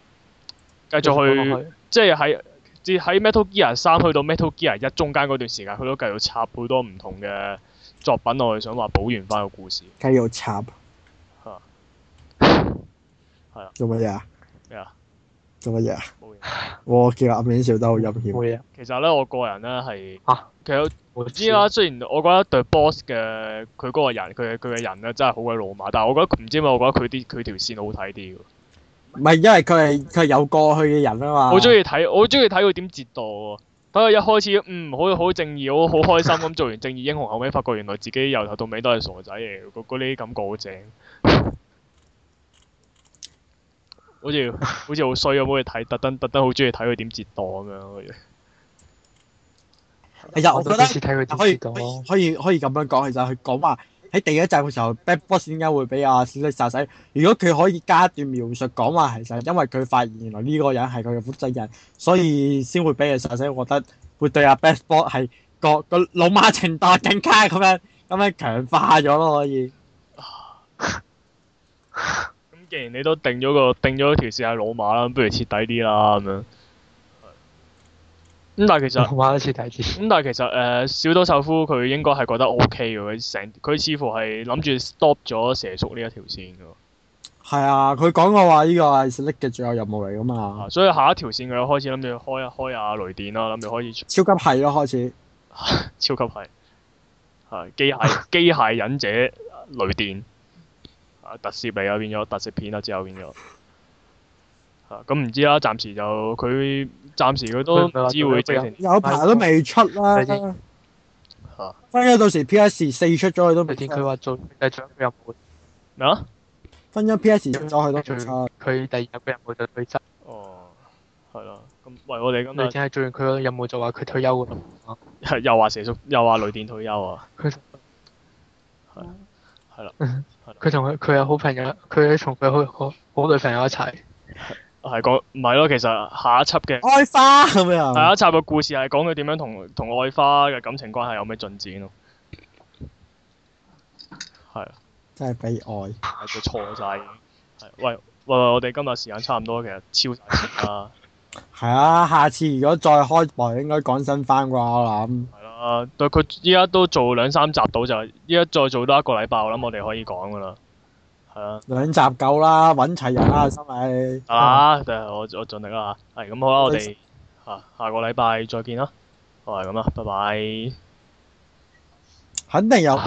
繼續去即係喺至喺 Metal Gear 三去到 Metal Gear 一中間嗰段時間，佢都繼續插好多唔同嘅作品落去，我想話補完翻個故事。繼續插嚇，係啊，做乜嘢啊咩？啊做乜嘢啊？我其實阿明笑得好陰險。其實咧，我個人咧係啊，其實我知啦。知，雖然我覺得對 boss 嘅佢嗰個人，佢佢嘅人咧真係好鬼老馬，但係我覺得唔知點解，我覺得佢啲佢條線好睇啲。唔係，因為佢係佢有過去嘅人啊嘛。我中意睇，我中意睇佢點折墮。睇佢一開始嗯好好正義，好好開心咁做完正義英雄， 後尾發覺原來自己由頭到尾都係傻仔，嚟，嗰啲感覺好正。好似好似好衰咁，可以睇，特登特登好中意睇佢點折墮咁樣。其實我覺得可以可以可以咁樣講，其實佢講話喺第一集嘅時候，Bad Boss 點解會俾阿小麗殺死？如果佢可以加一段描述講話，講話其實因為佢發現原來呢個人係佢嘅複製人，所以先會俾佢殺死，我覺得會對阿 Bad Boss 係個個老媽程度更加咁樣咁樣強化咗咯，可以。 既然你都定咗個定咗條線係老馬啦，不如徹底啲啦咁樣。咁、嗯、但係其實，老馬都徹底啲。咁但係其實誒、呃，小島秀夫佢應該係覺得 O K 嘅，佢成佢似乎係諗住 stop 咗蛇叔呢一條線嘅。係啊，佢講嘅話呢個係 Snake 嘅最後任務嚟㗎嘛、啊。所以下一條線佢又開始諗住開一開下雷電啦，諗住開始。超級係咯，開始。啊、超級係。係、啊、機械， 機械機械忍者雷電。特攝嚟啊，變咗特色片啦，之後變咗。咁唔知啦、啊，暫時就佢暫時佢都知，知會即係有排都未出啦。分咗到時 PS4 出咗去都未見佢話做第做任務。咩啊？分咗 P.S. 出咗去都最，佢麼第二日嘅、哦、任務就退出。哦，係咯。咁喂我哋咁，你只係做完佢個任務就話佢退休啊？又話邪術，又話雷電退休啊？係 是。 佢同佢佢有好朋友，佢同佢好好女朋友一齊，係講唔係咯？其實下一輯嘅愛花，咁下一輯嘅故事係講佢點樣同同愛花嘅感情關係有咩進展咯？係真係悲哀，係佢錯晒，喂喂我哋今日時間差唔多，其實超啊。係啊，下次如果再開台，應該講新番啩，我諗。 誒，對佢依家都做兩三集到就，依家再做多一個禮拜，我諗我哋可以講噶啦，係啊，兩集夠啦，搵齊人啦，係，啊，啊啊對我我盡力啦，係咁好啦，我哋吓、嗯、下、下個禮拜再見啦，好係咁啦，拜拜，肯定有。